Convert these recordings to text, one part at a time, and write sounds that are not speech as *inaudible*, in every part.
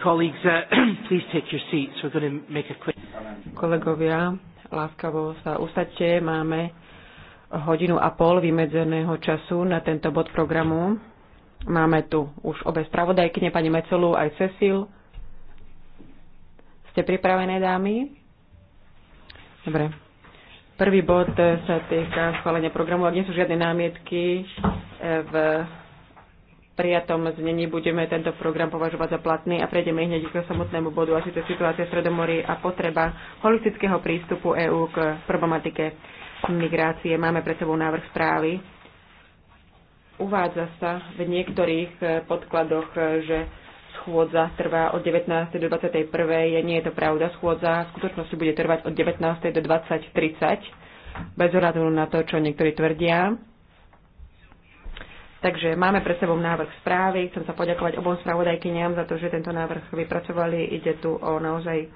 Uh, *clears throat* Kolegovia, láskavo sa usadte. Máme hodinu a pol vymedzeného času na tento bod programu. Máme tu už obe spravodajkyne, pani Mecelu aj Cecil. Ste pripravené, dámy? Dobre. Prvý bod sa týka schválenia programu. Ak nie sú žiadne námietky eh, v prijatom znení budeme tento program považovať za platný a prejdeme hneď k samotnému bodu, asi to je situácia v Stredomorí a potreba holistického prístupu EÚ k problematike migrácie. Máme pred sebou návrh správy. Uvádza sa v niektorých podkladoch, že schôdza trvá od 19. do 21. Nie je to pravda. Schôdza v skutočnosti bude trvať od 19. do 20.30 bez ohľadu na to, čo niektorí tvrdia Takže máme pred sebou návrh správy. Chcem sa poďakovať obom spravodajkyniam za to, že tento návrh vypracovali. Ide tu o naozaj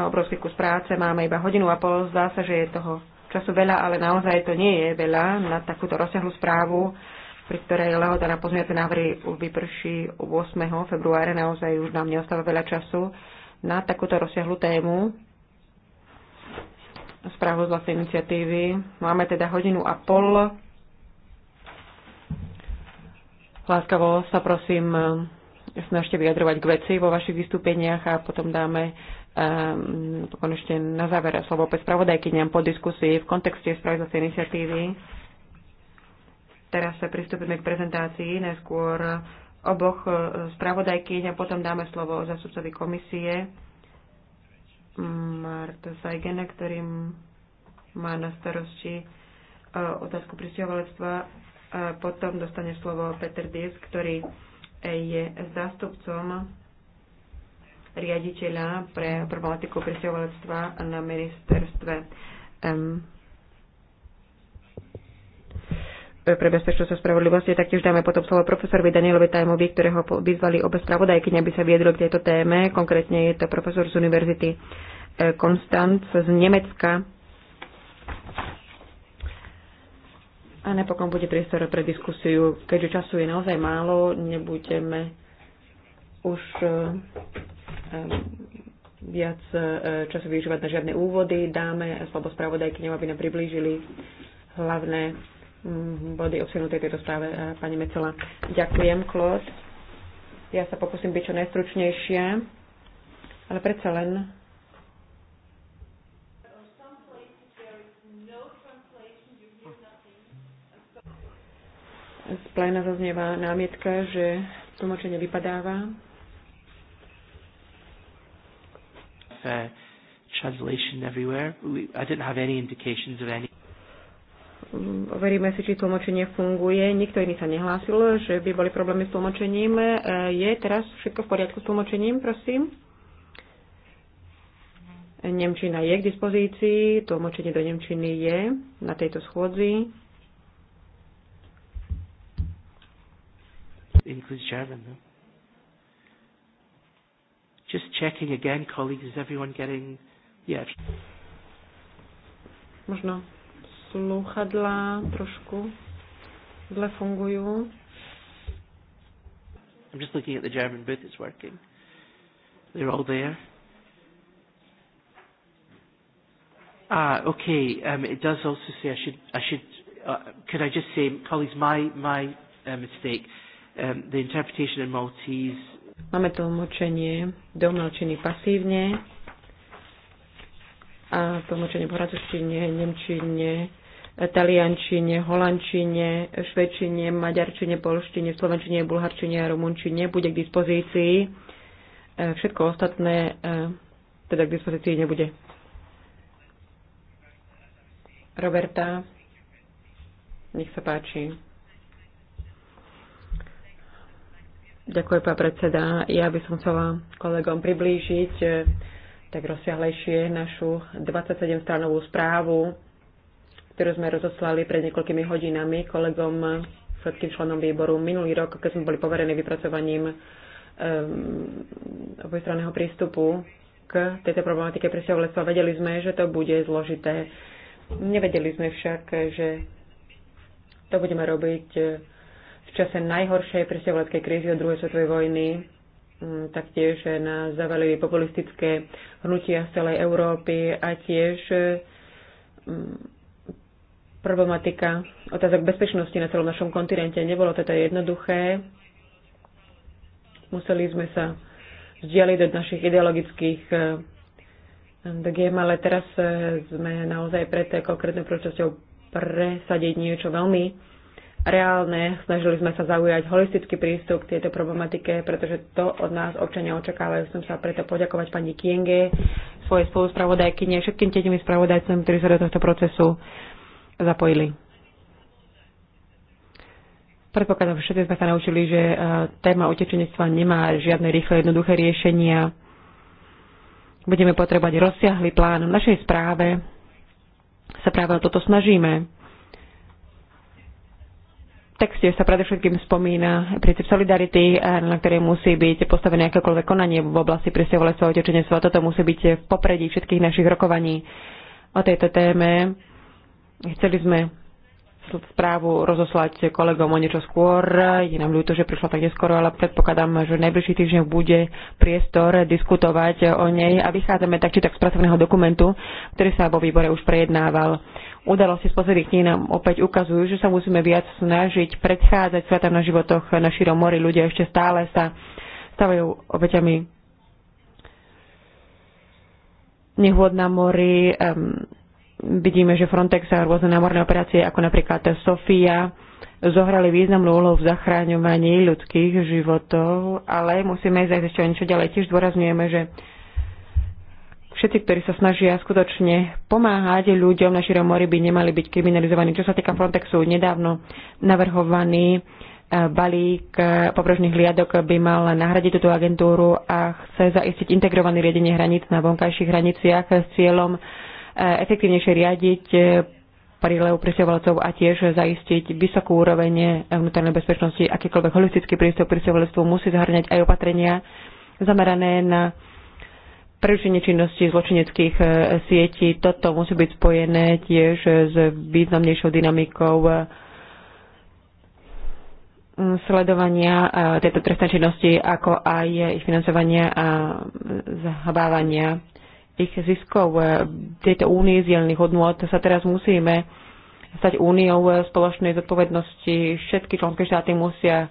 obrovský kus práce. Máme iba hodinu a pol. Zdá sa, že je toho času veľa, ale naozaj to nie je veľa na takúto rozsiahlu správu, pri ktorej lehota na pozmiace návrhy vyprší 8. februára. Naozaj už nám neostáva veľa času na takúto rozsiahlu tému správu z vlastnej iniciatívy. Máme teda hodinu a pol Láskavo sa prosím eh, snažte vyjadrovať k veci vo vašich vystúpeniach a potom dáme um, ešte na záver slovo opäť spravodajkyniam po diskusii v kontexte spravodajskej iniciatívy. Teraz sa pristúpime k prezentácii najskôr oboch eh, spravodajkyň a potom dáme slovo zastupcovi komisie mm, Marta Sajgene, ktorým má na starosti otázku pristiovalectva potom dostane slovo Peter Dies, ktorý je zástupcom riaditeľa pre problematiku prisťahovalectva na ministerstve um, pre bezpečnosť a spravodlivosť. Taktiež dáme potom slovo profesorovi Danielovi Tajmovi, ktorého vyzvali obe spravodajkyne, aby sa viedlo k tejto téme. Konkrétne je to profesor z Univerzity eh, Konstanc z Nemecka, A napokon bude priestor pre diskusiu. Keďže času je naozaj málo, nebudeme už eh, eh, viac eh, času využívať na žiadne úvody. Dáme slovo spravodajkyňom, aby nám priblížili hlavné mm, body obsiahnuté tejto správe pani Mecela. Ďakujem, Klod. Ja sa pokúsim byť čo najstručnejšia, ale predsa len Z pléna zaznieva námietka, že tlmočenie vypadáva. Uh, translation everywhere. We, I didn't have any indications of any mm, si, či tlmočenie funguje. Nikto iný sa nehlásil, že by boli problémy s tlmočením. Uh, je teraz všetko v poriadku s tlmočením, prosím? Nemčina je k dispozícii, tlmočenie do Nemčiny je na tejto schôdzi. includes German, no? Just checking again, colleagues, is everyone getting... Yeah. Možno sluchadla trošku zle fungujú. I'm just looking at the German booth, it's working. They're all there. Ah, okay. Um, it does also say I should, I should, uh, could I just say, colleagues, my, my uh, mistake. Um, the interpretation in Maltese. Máme to do mlčiny pasívne a tlmočenie po francúzštine, nemčine, taliančine, holandčine, švedčine, maďarčine, polštine, slovenčine, bulharčine a rumunčine bude k dispozícii. E, všetko ostatné e, teda k dispozícii nebude. Roberta, nech sa páči. Ďakujem, pán predseda. Ja by som chcela kolegom priblížiť e, tak rozsiahlejšie našu 27-stranovú správu, ktorú sme rozoslali pred niekoľkými hodinami kolegom, e, všetkým členom výboru minulý rok, keď sme boli poverení vypracovaním um, obojstranného prístupu k tejto problematike presťahovalectva. Vedeli sme, že to bude zložité. Nevedeli sme však, že to budeme robiť v čase najhoršej presťahovaleckej krízy od druhej svetovej vojny. Mm, taktiež na zavalili populistické hnutia z celej Európy a tiež mm, problematika otázok bezpečnosti na celom našom kontinente. Nebolo teda jednoduché. Museli sme sa vzdialiť od našich ideologických e, dogiem, ale teraz e, sme naozaj pred konkrétnou prúčasťou presadiť niečo veľmi reálne. Snažili sme sa zaujať holistický prístup k tejto problematike, pretože to od nás občania očakávajú. Som sa preto poďakovať pani Kienge, svojej spoluspravodajkyne, všetkým tietimi spravodajcom, ktorí sa do tohto procesu zapojili. Predpokladám, že všetci sme sa naučili, že e, téma utečenectva nemá žiadne rýchle, jednoduché riešenia. Budeme potrebovať rozsiahly plán. V našej správe sa práve o toto snažíme texte sa predovšetkým spomína princíp solidarity, eh, na ktorej musí byť postavené akékoľvek konanie v oblasti presťahovalectva a utečenectva. Toto musí byť v popredí všetkých našich rokovaní o tejto téme. Chceli sme správu rozoslať kolegom o niečo skôr. Je nám ľúto, že prišla tak neskoro, ale predpokladám, že najbližší týždeň bude priestor diskutovať o nej a vychádzame tak či tak z pracovného dokumentu, ktorý sa vo výbore už prejednával udalosti z posledných dní nám opäť ukazujú, že sa musíme viac snažiť predchádzať svetom na životoch na širom mori. Ľudia ešte stále sa stavajú obeťami nehôd na mori. Um, vidíme, že Frontex a rôzne námorné operácie, ako napríklad Sofia, zohrali významnú úlohu v zachráňovaní ľudských životov, ale musíme ísť ešte o niečo ďalej. Tiež dôrazňujeme, že Všetci, ktorí sa snažia skutočne pomáhať ľuďom na širom mori, by nemali byť kriminalizovaní. Čo sa týka Frontexu, nedávno navrhovaný e, balík e, pobrežných hliadok by mal nahradiť túto agentúru a chce zaistiť integrované riadenie hraníc na vonkajších hraniciach s cieľom e, efektívnejšie riadiť prílev prisťovalcov a tiež zaistiť vysokú úroveň vnútornej bezpečnosti. Akýkoľvek holistický prístup prisťovalstvu musí zahrňať aj opatrenia zamerané na prerušenie činnosti zločineckých e, sietí. Toto musí byť spojené tiež s významnejšou dynamikou e, sledovania e, tejto trestnej činnosti, ako aj ich financovania a zahabávania ich ziskov. Tieto tejto únii zielných hodnot sa teraz musíme stať úniou spoločnej zodpovednosti. Všetky členské štáty musia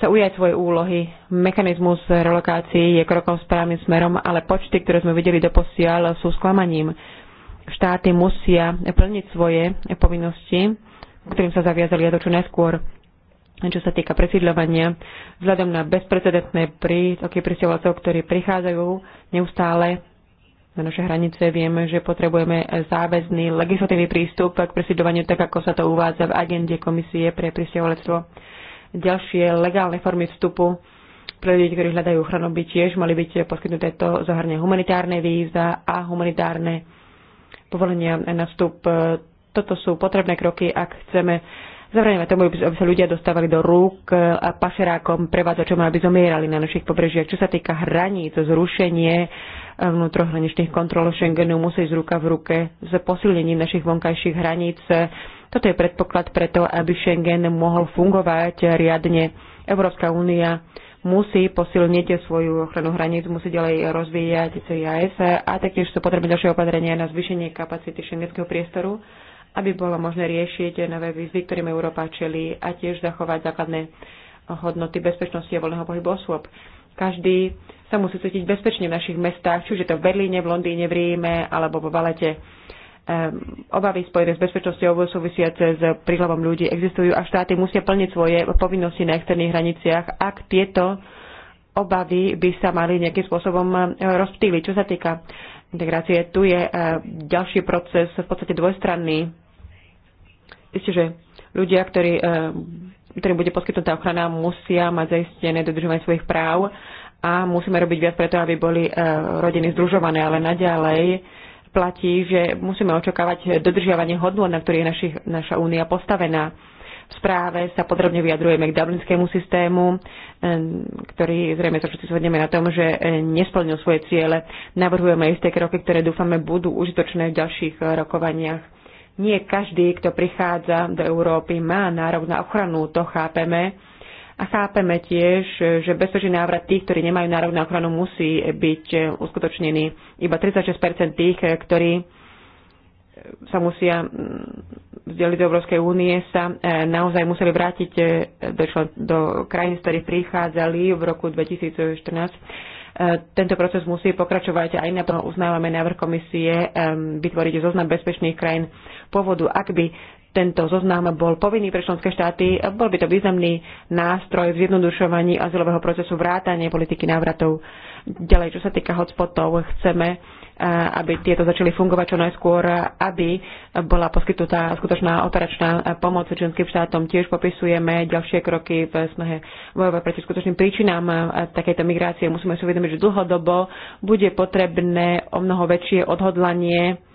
sa ujať svoje úlohy. Mechanizmus relokácií je krokom správnym smerom, ale počty, ktoré sme videli doposiaľ, sú sklamaním. Štáty musia plniť svoje povinnosti, ktorým sa zaviazali a to čo neskôr čo sa týka presídľovania, vzhľadom na bezprecedentné prítoky prisťovalcov, ktorí prichádzajú neustále na naše hranice, vieme, že potrebujeme záväzný legislatívny prístup k presídľovaniu, tak ako sa to uvádza v agende Komisie pre prisťovalectvo ďalšie legálne formy vstupu pre ľudí, ktorí hľadajú ochranu, by tiež mali byť poskytnuté to zahrne humanitárne víza a humanitárne povolenia na vstup. Toto sú potrebné kroky, ak chceme zabráňovať tomu, aby sa ľudia dostávali do rúk a pašerákom, prevádzačom, aby zomierali na našich pobrežiach. Čo sa týka hraníc, zrušenie eh, vnútrohraničných kontrol Schengenu musí z ruka v ruke s posilnením našich vonkajších hraníc toto je predpoklad preto, aby Schengen mohol fungovať riadne. Európska únia musí posilniť svoju ochranu hraníc, musí ďalej rozvíjať CIS a taktiež sú potrebné ďalšie opatrenia na zvýšenie kapacity šengenského priestoru, aby bolo možné riešiť nové výzvy, ktorým Európa čelí a tiež zachovať základné hodnoty bezpečnosti a voľného pohybu osôb. Každý sa musí cítiť bezpečne v našich mestách, či už je to v Berlíne, v Londýne, v Ríme alebo vo Valete. Ehm, obavy spojené s bezpečnosťou súvisiace s príľavom ľudí existujú a štáty musia plniť svoje povinnosti na externých hraniciach, ak tieto obavy by sa mali nejakým spôsobom ehm, rozptýliť. Čo sa týka integrácie, tu je ehm, ďalší proces v podstate dvojstranný. Isté, že ľudia, ktorí, ktorým bude poskytnutá ochrana, musia mať zaistené dodržovanie svojich práv a musíme robiť viac preto, aby boli rodiny združované, ale naďalej platí, že musíme očakávať dodržiavanie hodnôt, na ktorých je naši, naša únia postavená. V správe sa podrobne vyjadrujeme k dublinskému systému, ktorý zrejme sa všetci zhodneme na tom, že e, nesplnil svoje ciele. Navrhujeme isté kroky, ktoré dúfame budú užitočné v ďalších e, rokovaniach. Nie každý, kto prichádza do Európy, má nárok na ochranu, to chápeme a chápeme tiež, že bezpečný návrat tých, ktorí nemajú nárok na ochranu, musí byť uskutočnený. Iba 36 tých, ktorí sa musia mm, vzdeliť do Európskej únie, sa e, naozaj museli vrátiť e, do, člen, do krajín, z ktorých prichádzali v roku 2014. E, tento proces musí pokračovať aj na to uznávame návrh komisie vytvoriť zoznam bezpečných krajín pôvodu. Ak by tento zoznam bol povinný pre členské štáty, bol by to významný nástroj v zjednodušovaní azylového procesu vrátanie politiky návratov. Ďalej, čo sa týka hotspotov, chceme, eh, aby tieto začali fungovať čo najskôr, aby bola poskytnutá skutočná operačná pomoc členským štátom. Tiež popisujeme ďalšie kroky v snahe bojovať proti skutočným príčinám eh, takéto migrácie. Musíme si uvedomiť, že dlhodobo bude potrebné o mnoho väčšie odhodlanie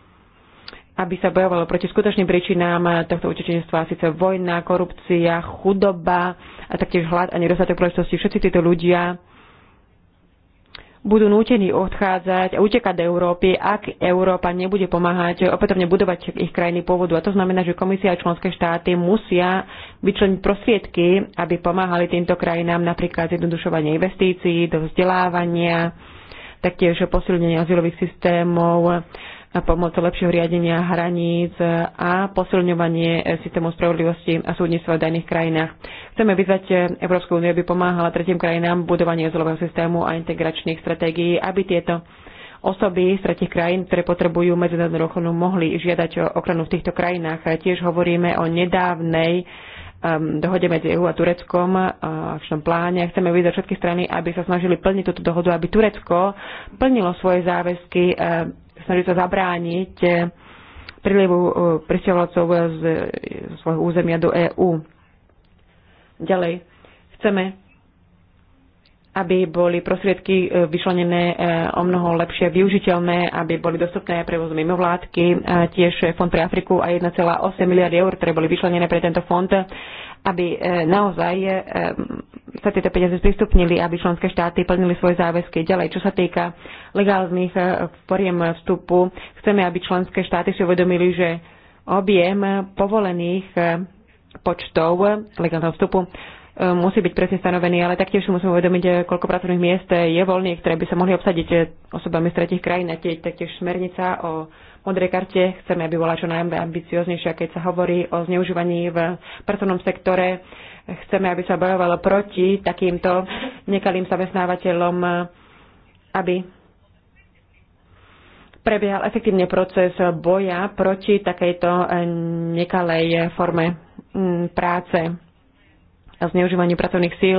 aby sa bojovalo proti skutočným príčinám tohto utečenstva, síce vojna, korupcia, chudoba a taktiež hlad a nedostatok príležitosti. Všetci títo ľudia budú nútení odchádzať a utekať do Európy, ak Európa nebude pomáhať opätovne budovať ich krajiny pôvodu. A to znamená, že komisia a členské štáty musia vyčleniť prostriedky, aby pomáhali týmto krajinám napríklad zjednodušovanie investícií, do vzdelávania, taktiež posilnenie azylových systémov, pomoc lepšieho riadenia hraníc a posilňovanie systému spravodlivosti a súdnictva v daných krajinách. Chceme vyzvať Európsku úniu, aby pomáhala tretím krajinám budovanie budovaní azylového systému a integračných stratégií, aby tieto osoby z tretich krajín, ktoré potrebujú medzinárodnú ochranu, mohli žiadať o ochranu v týchto krajinách. Tiež hovoríme o nedávnej um, dohode medzi EU a Tureckom v tom pláne. Chceme vyzvať všetky strany, aby sa snažili plniť túto dohodu, aby Turecko plnilo svoje záväzky um, snaží sa zabrániť eh, prílivu eh, pristiaľovacov eh, z, z svojho územia do EÚ. Ďalej, chceme aby boli prostriedky e, vyšlenené e, o mnoho lepšie využiteľné, aby boli dostupné prevoz mimo mimovládky, e, tiež Fond pre Afriku a 1,8 miliard eur, ktoré boli vyšlenené pre tento fond, aby naozaj sa tieto peniaze sprístupnili, aby členské štáty plnili svoje záväzky ďalej. Čo sa týka legálnych foriem vstupu, chceme, aby členské štáty si uvedomili, že objem povolených počtov legálneho vstupu E, musí byť presne stanovený, ale taktiež si musíme uvedomiť, e, koľko pracovných miest je voľných, ktoré by sa mohli obsadiť e, osobami z tretich krajín. tiež, taktiež smernica o modrej karte chceme, aby bola čo najambicioznejšia, keď sa hovorí o zneužívaní v pracovnom sektore. Chceme, aby sa bojovalo proti takýmto nekalým zamestnávateľom, aby prebiehal efektívne proces boja proti takejto nekalej forme práce a zneužívaniu pracovných síl.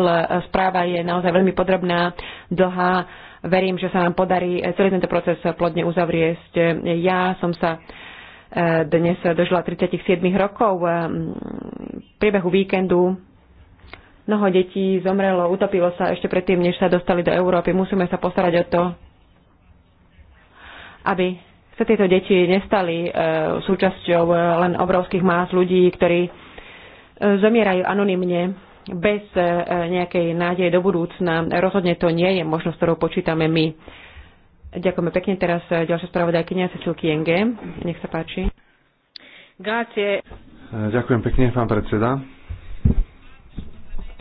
Správa je naozaj veľmi podrobná, dlhá. Verím, že sa nám podarí celý tento proces plodne uzavrieť. Ja som sa e, dnes dožila 37 rokov. E, v priebehu víkendu mnoho detí zomrelo, utopilo sa ešte predtým, než sa dostali do Európy. Musíme sa postarať o to, aby sa tieto deti nestali e, súčasťou len obrovských más ľudí, ktorí zomierajú anonymne bez e, nejakej nádeje do budúcna. Rozhodne to nie je možnosť, ktorou počítame my. Ďakujeme pekne. Teraz e, ďalšia spravodajkynia Cecil NG. Nech sa páči. Grazie. E, ďakujem pekne, pán predseda.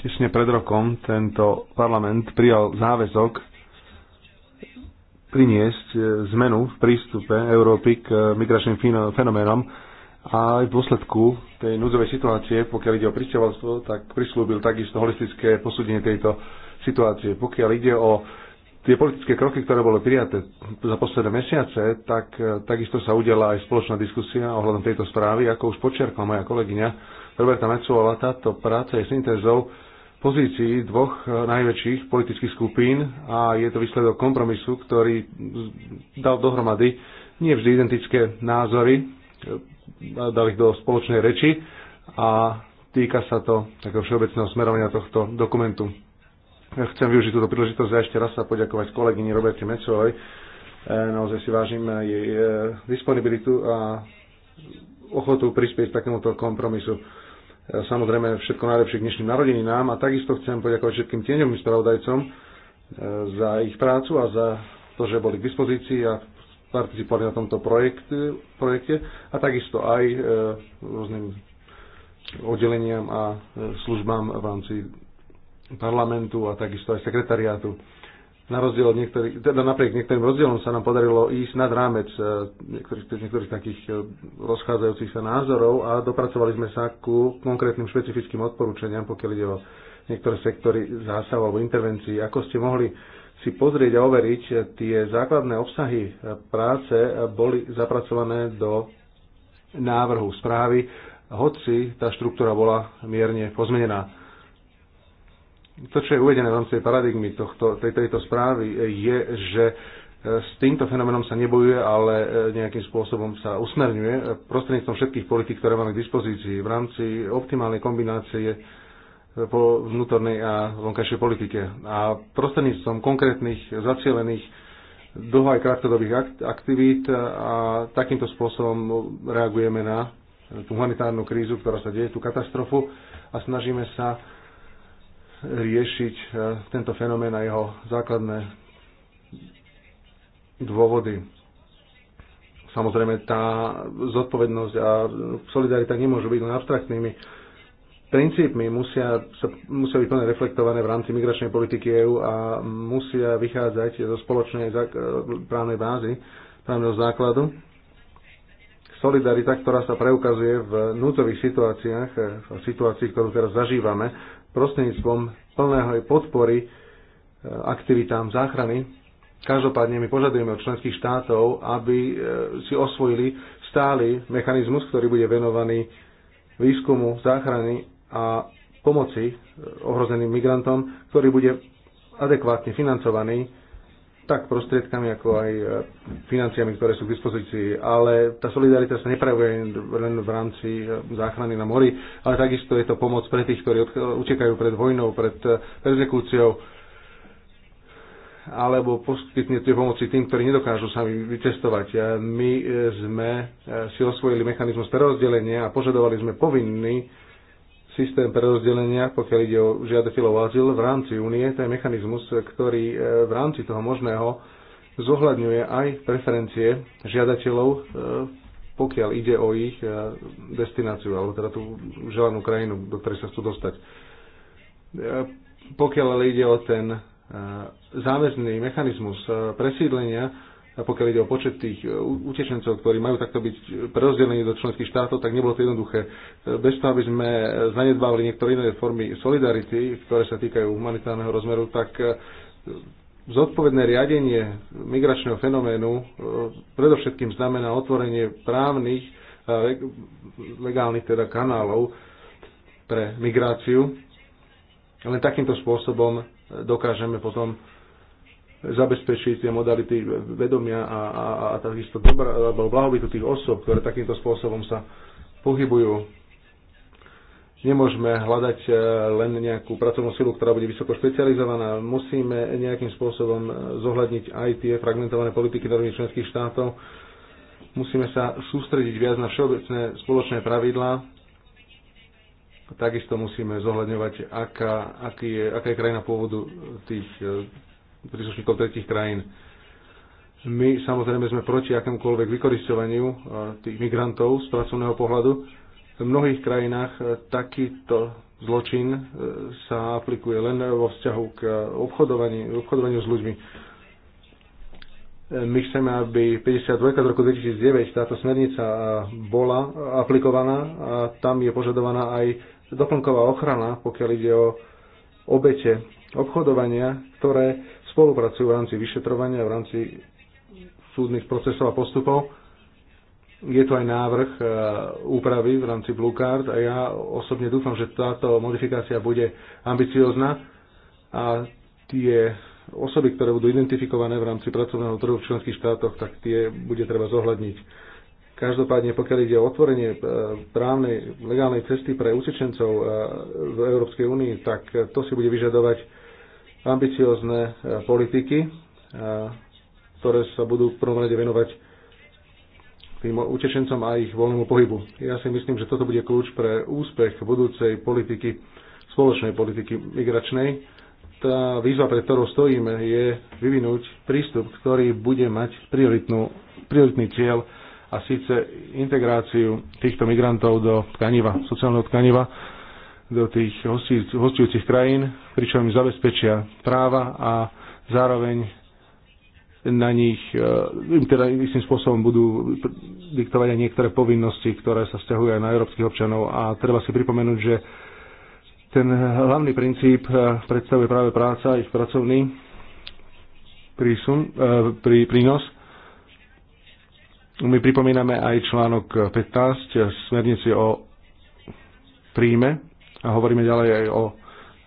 Tesne pred rokom tento parlament prijal záväzok priniesť zmenu v prístupe Európy k migračným fenoménom a aj v dôsledku tej núdzovej situácie, pokiaľ ide o prišťovalstvo, tak prislúbil takisto holistické posúdenie tejto situácie. Pokiaľ ide o tie politické kroky, ktoré boli prijaté za posledné mesiace, tak eh, takisto sa udela aj spoločná diskusia ohľadom tejto správy. Ako už počerkla moja kolegyňa Roberta Mecovala, táto práca je syntézou pozícií dvoch eh, najväčších politických skupín a je to výsledok kompromisu, ktorý dal dohromady nie vždy identické názory eh, dali do spoločnej reči a týka sa to takého všeobecného smerovania tohto dokumentu. Ja chcem využiť túto príležitosť a ešte raz sa poďakovať kolegyni Roberte Mecovej. E, naozaj si vážim jej e, disponibilitu a ochotu prispieť takémuto kompromisu. E, samozrejme všetko najlepšie k dnešným narodeninám a takisto chcem poďakovať všetkým tieňovým spravodajcom za ich prácu a za to, že boli k dispozícii a participovali na tomto projekte, projekte a takisto aj e, rôznym oddeleniam a e, službám v rámci parlamentu a takisto aj sekretariátu. Na rozdiel od niektorých, teda napriek niektorým rozdielom sa nám podarilo ísť nad rámec e, niektorých, niektorých takých rozchádzajúcich sa názorov a dopracovali sme sa ku konkrétnym špecifickým odporúčaniam, pokiaľ ide o niektoré sektory zásahov alebo intervencií. Ako ste mohli si pozrieť a overiť, tie základné obsahy práce boli zapracované do návrhu správy, hoci tá štruktúra bola mierne pozmenená to, čo je uvedené v rámci paradigmy tohto, tej, tejto správy, je, že e, s týmto fenomenom sa nebojuje, ale e, nejakým spôsobom sa usmerňuje prostredníctvom všetkých politik, ktoré máme k dispozícii v rámci optimálnej kombinácie po vnútornej a vonkajšej politike. A prostredníctvom konkrétnych zacielených dlho aj krátkodobých aktivít a takýmto spôsobom reagujeme na tú humanitárnu krízu, ktorá sa deje, tú katastrofu a snažíme sa riešiť e, tento fenomén a jeho základné dôvody. Samozrejme, tá zodpovednosť a solidarita nemôžu byť len abstraktnými princípmi musia, sa, musia byť plne reflektované v rámci migračnej politiky EÚ a musia vychádzať zo spoločnej právnej bázy, právneho základu. Solidarita, ktorá sa preukazuje v núcových situáciách, v situácii, ktorú teraz zažívame, prostredníctvom plného podpory e, aktivitám záchrany. Každopádne my požadujeme od členských štátov, aby e, si osvojili stály mechanizmus, ktorý bude venovaný výskumu záchrany a pomoci e, ohrozeným migrantom, ktorý bude adekvátne financovaný tak prostriedkami, ako aj e, financiami, ktoré sú k dispozícii. Ale tá solidarita sa neprejavuje len v rámci e, záchrany na mori, ale takisto je to pomoc pre tých, ktorí utekajú pred vojnou, pred perzekúciou. alebo poskytne tie pomoci tým, ktorí nedokážu sami vycestovať. My sme si osvojili mechanizmus prerozdelenia a požadovali sme povinný systém prerozdelenia, pokiaľ ide o žiadateľov azyl v rámci únie, to je mechanizmus, ktorý e, v rámci toho možného zohľadňuje aj preferencie žiadateľov, e, pokiaľ ide o ich e, destináciu, alebo teda tú želanú krajinu, do ktorej sa chcú dostať. Pokiaľ ale ide o ten záväzný mechanizmus presídlenia, a pokiaľ ide o počet tých e, utečencov, ktorí majú takto byť prerozdelení do členských štátov, tak nebolo to jednoduché. E, Bez toho, aby sme zanedbávali niektoré iné formy solidarity, ktoré sa týkajú humanitárneho rozmeru, tak e, zodpovedné riadenie migračného fenoménu predovšetkým znamená otvorenie právnych, legálnych teda kanálov pre migráciu. Len takýmto spôsobom dokážeme potom zabezpečiť tie modality vedomia a, a, a takisto dobra, alebo blahobytu tých osob, ktoré takýmto spôsobom sa pohybujú. Nemôžeme hľadať e, len nejakú pracovnú silu, ktorá bude vysoko špecializovaná. Musíme nejakým spôsobom e, zohľadniť aj tie fragmentované politiky normy členských štátov. Musíme sa sústrediť viac na všeobecné spoločné pravidlá, takisto musíme zohľadňovať, aká, aký je, aká je krajina pôvodu tých e, príslušníkov tretich krajín. My samozrejme sme proti akémkoľvek vykoristovaniu e, tých migrantov z pracovného pohľadu. V mnohých krajinách e, takýto zločin e, sa aplikuje len vo vzťahu k obchodovaniu, obchodovaniu s ľuďmi. My chceme, aby 52 z roku 2009 táto smernica bola aplikovaná a tam je požadovaná aj doplnková ochrana, pokiaľ ide o obete obchodovania, ktoré spolupracujú v rámci vyšetrovania, v rámci súdnych procesov a postupov. Je tu aj návrh e, úpravy v rámci Blue Card a ja osobne dúfam, že táto modifikácia bude ambiciozná a tie osoby, ktoré budú identifikované v rámci pracovného trhu v členských štátoch, tak tie bude treba zohľadniť. Každopádne, pokiaľ ide o otvorenie e, právnej, legálnej cesty pre utečencov e, v Európskej únii, tak to si bude vyžadovať ambiciozne e, politiky, e, ktoré sa budú v prvom rade venovať tým utečencom a ich voľnému pohybu. Ja si myslím, že toto bude kľúč pre úspech budúcej politiky, spoločnej politiky migračnej. Tá výzva, pred ktorou stojíme, je vyvinúť prístup, ktorý bude mať prioritný cieľ a síce integráciu týchto migrantov do tkaniva, sociálneho tkaniva do tých hostujúcich krajín, pričom im zabezpečia práva a zároveň na nich, e, im teda istým spôsobom budú diktovať aj niektoré povinnosti, ktoré sa vzťahujú aj na európskych občanov. A treba si pripomenúť, že ten hlavný princíp e, predstavuje práve práca, ich pracovný prísun, e, prí, prínos. My pripomíname aj článok 15 smernici o príjme a hovoríme ďalej aj o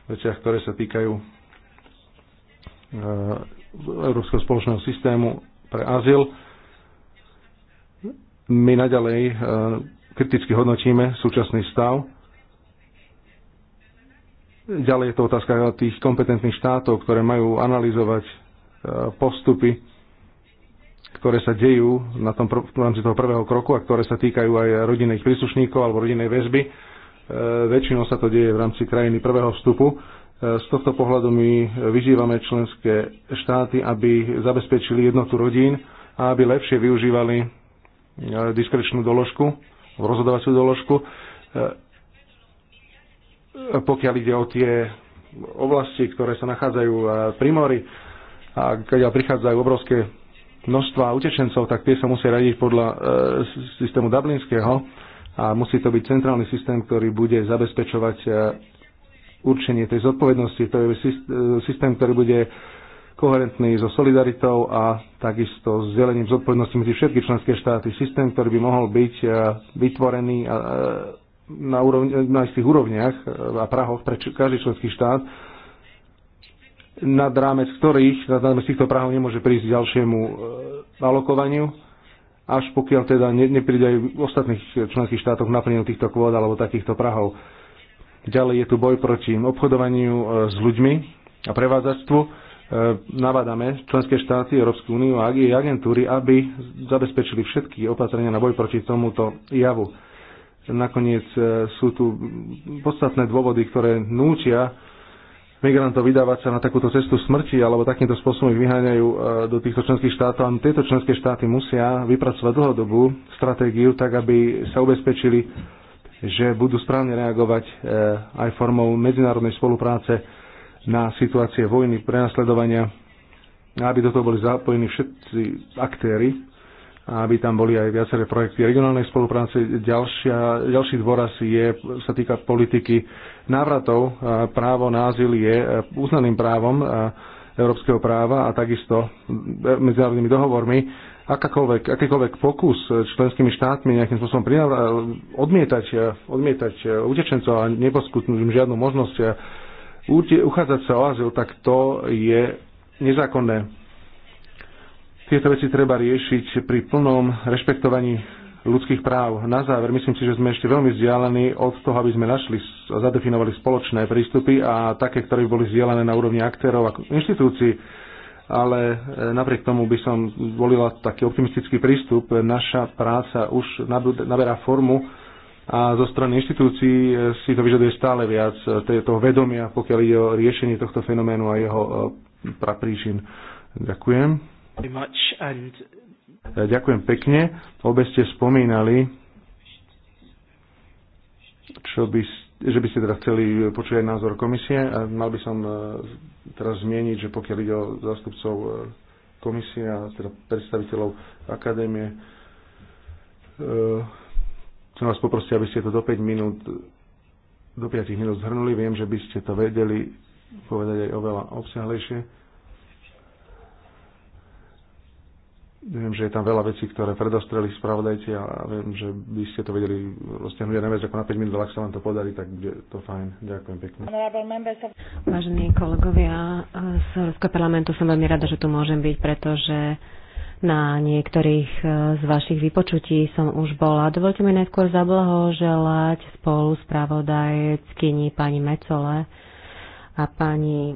veciach, ktoré sa týkajú eh, Európskeho spoločného systému pre azyl. My naďalej eh, kriticky hodnotíme súčasný stav. Ďalej je to otázka tých kompetentných štátov, ktoré majú analyzovať eh, postupy, ktoré sa dejú na tom, v rámci toho prvého kroku a ktoré sa týkajú aj rodinných príslušníkov alebo rodinnej väzby E, väčšinou sa to deje v rámci krajiny prvého vstupu. E, z tohto pohľadu my vyzývame členské štáty, aby zabezpečili jednotu rodín a aby lepšie využívali e, diskrečnú doložku, rozhodovaciu doložku. Pokiaľ ide o tie oblasti, ktoré sa nachádzajú pri mori a keď prichádzajú obrovské množstva utečencov, tak tie sa musia radiť podľa systému dublinského a musí to byť centrálny systém, ktorý bude zabezpečovať e, určenie tej zodpovednosti. To je e, systém, ktorý bude koherentný so solidaritou a takisto s delením zodpovednosti medzi všetky členské štáty. Systém, ktorý by mohol byť e, vytvorený na, úrovni, na istých úrovniach a prahoch pre každý členský štát, nad rámec ktorých, nad rámec týchto prahov nemôže prísť k ďalšiemu alokovaniu až pokiaľ teda aj v ostatných členských štátoch naplneniu týchto kvót alebo takýchto prahov. Ďalej je tu boj proti obchodovaniu e, s ľuďmi a prevádzačstvu. E, Navádame členské štáty, Európsku úniu a jej agentúry, aby zabezpečili všetky opatrenia na boj proti tomuto javu. Nakoniec e, sú tu podstatné dôvody, ktoré núčia migrantov vydávať sa na takúto cestu smrti alebo takýmto spôsobom ich vyháňajú e, do týchto členských štátov. A tieto členské štáty musia vypracovať dlhodobú stratégiu tak, aby sa ubezpečili, že budú správne reagovať e, aj formou medzinárodnej spolupráce na situácie vojny, prenasledovania, aby do toho boli zapojení všetci aktéry aby tam boli aj viaceré projekty regionálnej spolupráce. Ďalšia, ďalší dôraz je, sa týka politiky návratov. Právo na azyl je e, uznaným právom e, európskeho práva a takisto e, medzinárodnými dohovormi. Akákoľvek, akýkoľvek pokus členskými štátmi nejakým spôsobom odmietať, odmietať utečencov a neposkutnúť im žiadnu možnosť uchádzať sa o azyl, tak to je nezákonné tieto veci treba riešiť pri plnom rešpektovaní ľudských práv. Na záver, myslím si, že sme ešte veľmi vzdialení od toho, aby sme našli a zadefinovali spoločné prístupy a také, ktoré boli vzdialené na úrovni aktérov a inštitúcií. Ale e, napriek tomu by som volila taký optimistický prístup. Naša práca už naberá formu a zo strany inštitúcií e, si to vyžaduje stále viac e, toho vedomia, pokiaľ ide o riešenie tohto fenoménu a jeho prapríšin. Ďakujem. E, ďakujem pekne. Obe ste spomínali, čo by, že by ste teda chceli počuť aj názor komisie. A e, mal by som e, teraz zmieniť, že pokiaľ ide o zástupcov komisie a teda predstaviteľov akadémie, chcem vás poprosiť, aby ste to do 5 minút do 5 minút zhrnuli. Viem, že by ste to vedeli povedať aj oveľa obsiahlejšie Viem, že je tam veľa vecí, ktoré predostreli spravodajci a viem, že by ste to vedeli rozťahnuť ja ako na 5 minút, ale ak sa vám to podarí, tak bude to fajn. Ďakujem pekne. Vážení kolegovia z Európskeho parlamentu, som veľmi rada, že tu môžem byť, pretože na niektorých e, z vašich vypočutí som už bola. Dovolte mi najskôr zablahoželať spolu spravodajckyni pani Mecole a pani e,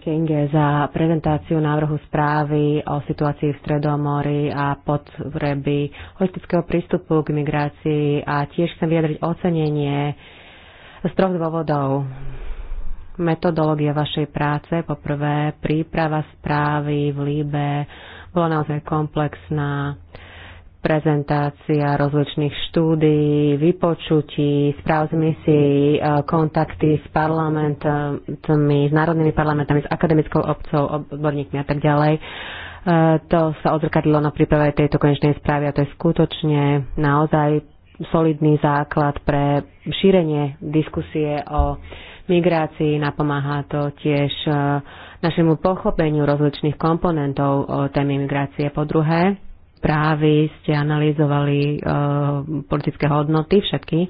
Kinge za prezentáciu návrhu správy o situácii v Stredomori a potreby holistického prístupu k migrácii a tiež chcem vyjadriť ocenenie z troch dôvodov. Metodológia vašej práce, poprvé príprava správy v Líbe bola naozaj komplexná prezentácia rozličných štúdií, vypočutí, správ z misií, e, kontakty s parlamentmi, s národnými parlamentami, s akademickou obcov, odborníkmi a tak ďalej. E, to sa odzrkadlilo na príprave tejto konečnej správy a to je skutočne naozaj solidný základ pre šírenie diskusie o migrácii. Napomáha to tiež e, našemu pochopeniu rozličných komponentov témy migrácie. Po druhé, správy ste analyzovali e, politické hodnoty, všetky.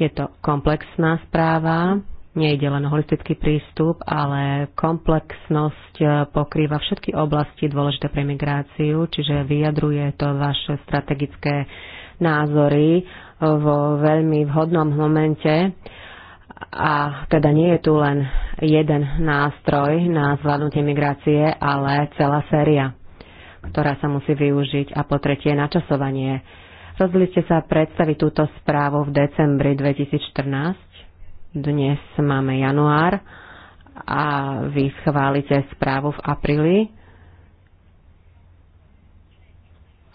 Je to komplexná správa, nejde len holistický prístup, ale komplexnosť eh, pokrýva všetky oblasti dôležité pre migráciu, čiže vyjadruje to vaše strategické názory eh, vo veľmi vhodnom momente. A teda nie je tu len jeden nástroj na zvládnutie migrácie, ale celá séria ktorá sa musí využiť a po tretie načasovanie. Rozhodli ste sa predstaviť túto správu v decembri 2014. Dnes máme január a vy schválite správu v apríli.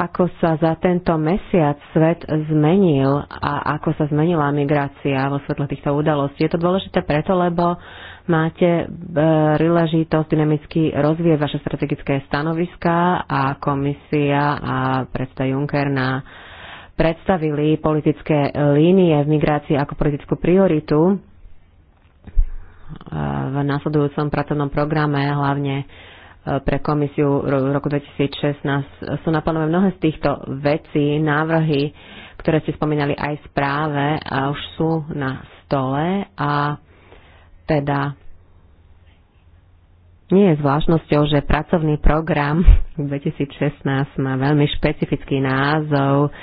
Ako sa za tento mesiac svet zmenil a ako sa zmenila migrácia vo svetle týchto udalostí. Je to dôležité preto, lebo máte e, príležitosť dynamicky rozvieť vaše strategické stanoviská a komisia a predsta Juncker na predstavili politické línie v migrácii ako politickú prioritu e, v následujúcom pracovnom programe, hlavne e, pre komisiu v roku 2016. Sú naplánované mnohé z týchto vecí, návrhy, ktoré ste spomínali aj v správe a už sú na stole a teda nie je zvláštnosťou, že pracovný program 2016 *laughs* má veľmi špecifický názov,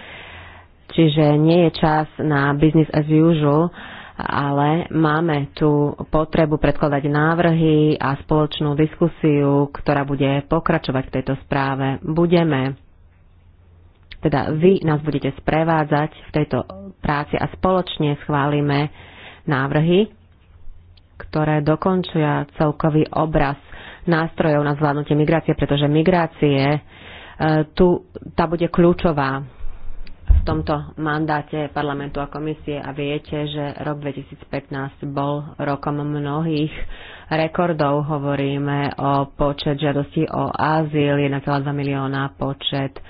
čiže nie je čas na business as usual, ale máme tu potrebu predkladať návrhy a spoločnú diskusiu, ktorá bude pokračovať v tejto správe. Budeme, teda vy nás budete sprevádzať v tejto práci a spoločne schválime návrhy, ktoré dokončia celkový obraz nástrojov na zvládnutie migrácie, pretože migrácie e, tu, tá bude kľúčová v tomto mandáte parlamentu a komisie a viete, že rok 2015 bol rokom mnohých rekordov. Hovoríme o počet žiadostí o azyl 1,2 milióna, počet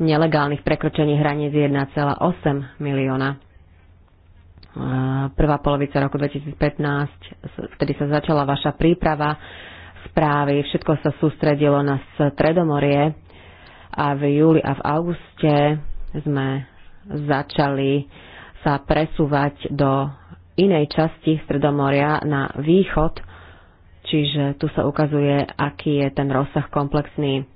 nelegálnych prekročení hraníc 1,8 milióna prvá polovica roku 2015, vtedy sa začala vaša príprava správy, všetko sa sústredilo na Stredomorie a v júli a v auguste sme začali sa presúvať do inej časti Stredomoria na východ, čiže tu sa ukazuje, aký je ten rozsah komplexný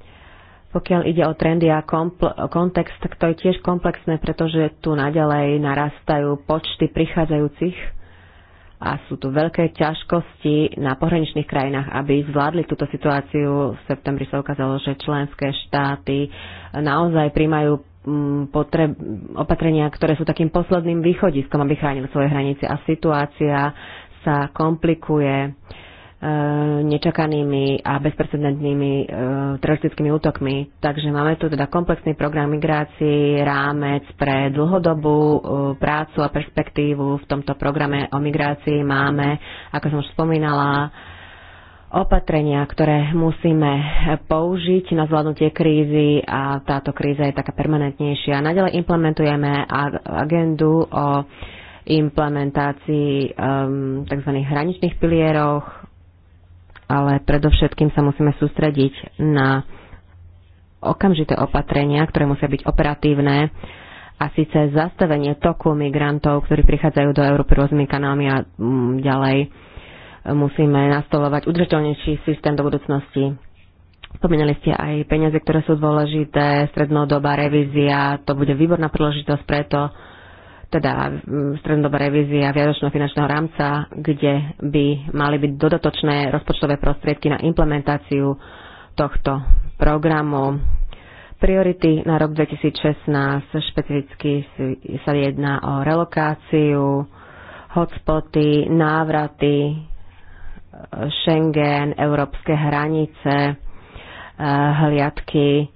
pokiaľ ide o trendy a kompl- kontext, tak to je tiež komplexné, pretože tu naďalej narastajú počty prichádzajúcich a sú tu veľké ťažkosti na pohraničných krajinách, aby zvládli túto situáciu. V septembri sa ukázalo, že členské štáty naozaj príjmajú mm, potreb, opatrenia, ktoré sú takým posledným východiskom, aby chránili svoje hranice a situácia sa komplikuje E, nečakanými a bezprecedentnými e, teroristickými útokmi. Takže máme tu teda komplexný program migrácií, rámec pre dlhodobú e, prácu a perspektívu. V tomto programe o migrácii máme, ako som už spomínala, opatrenia, ktoré musíme použiť na zvládnutie krízy a táto kríza je taká permanentnejšia. Naďalej implementujeme agendu o implementácii um, tzv. hraničných pilieroch, ale predovšetkým sa musíme sústrediť na okamžité opatrenia, ktoré musia byť operatívne, a síce zastavenie toku migrantov, ktorí prichádzajú do Európy rôznymi kanálmi a mm, ďalej musíme nastolovať udržateľnejší systém do budúcnosti. Spomínali ste aj peniaze, ktoré sú dôležité, strednodobá revízia, to bude výborná príležitosť preto, teda strednodobá revízia viadočného finančného rámca, kde by mali byť dodatočné rozpočtové prostriedky na implementáciu tohto programu. Priority na rok 2016 špecificky sa jedná o relokáciu, hotspoty, návraty, e, Schengen, európske hranice, e, hliadky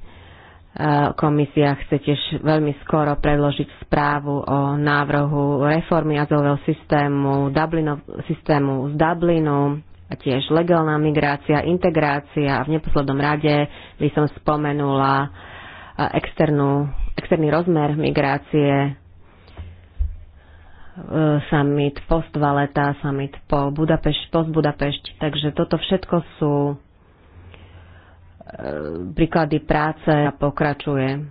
Komisia chce tiež veľmi skoro predložiť správu o návrhu reformy azylového systému, Dublinov, systému z Dublinu, a tiež legálna migrácia, integrácia a v neposlednom rade by som spomenula externú, externý rozmer migrácie, e, summit post Valeta, summit po Budapešť, post Budapešť. Takže toto všetko sú E, príklady práce a pokračuje.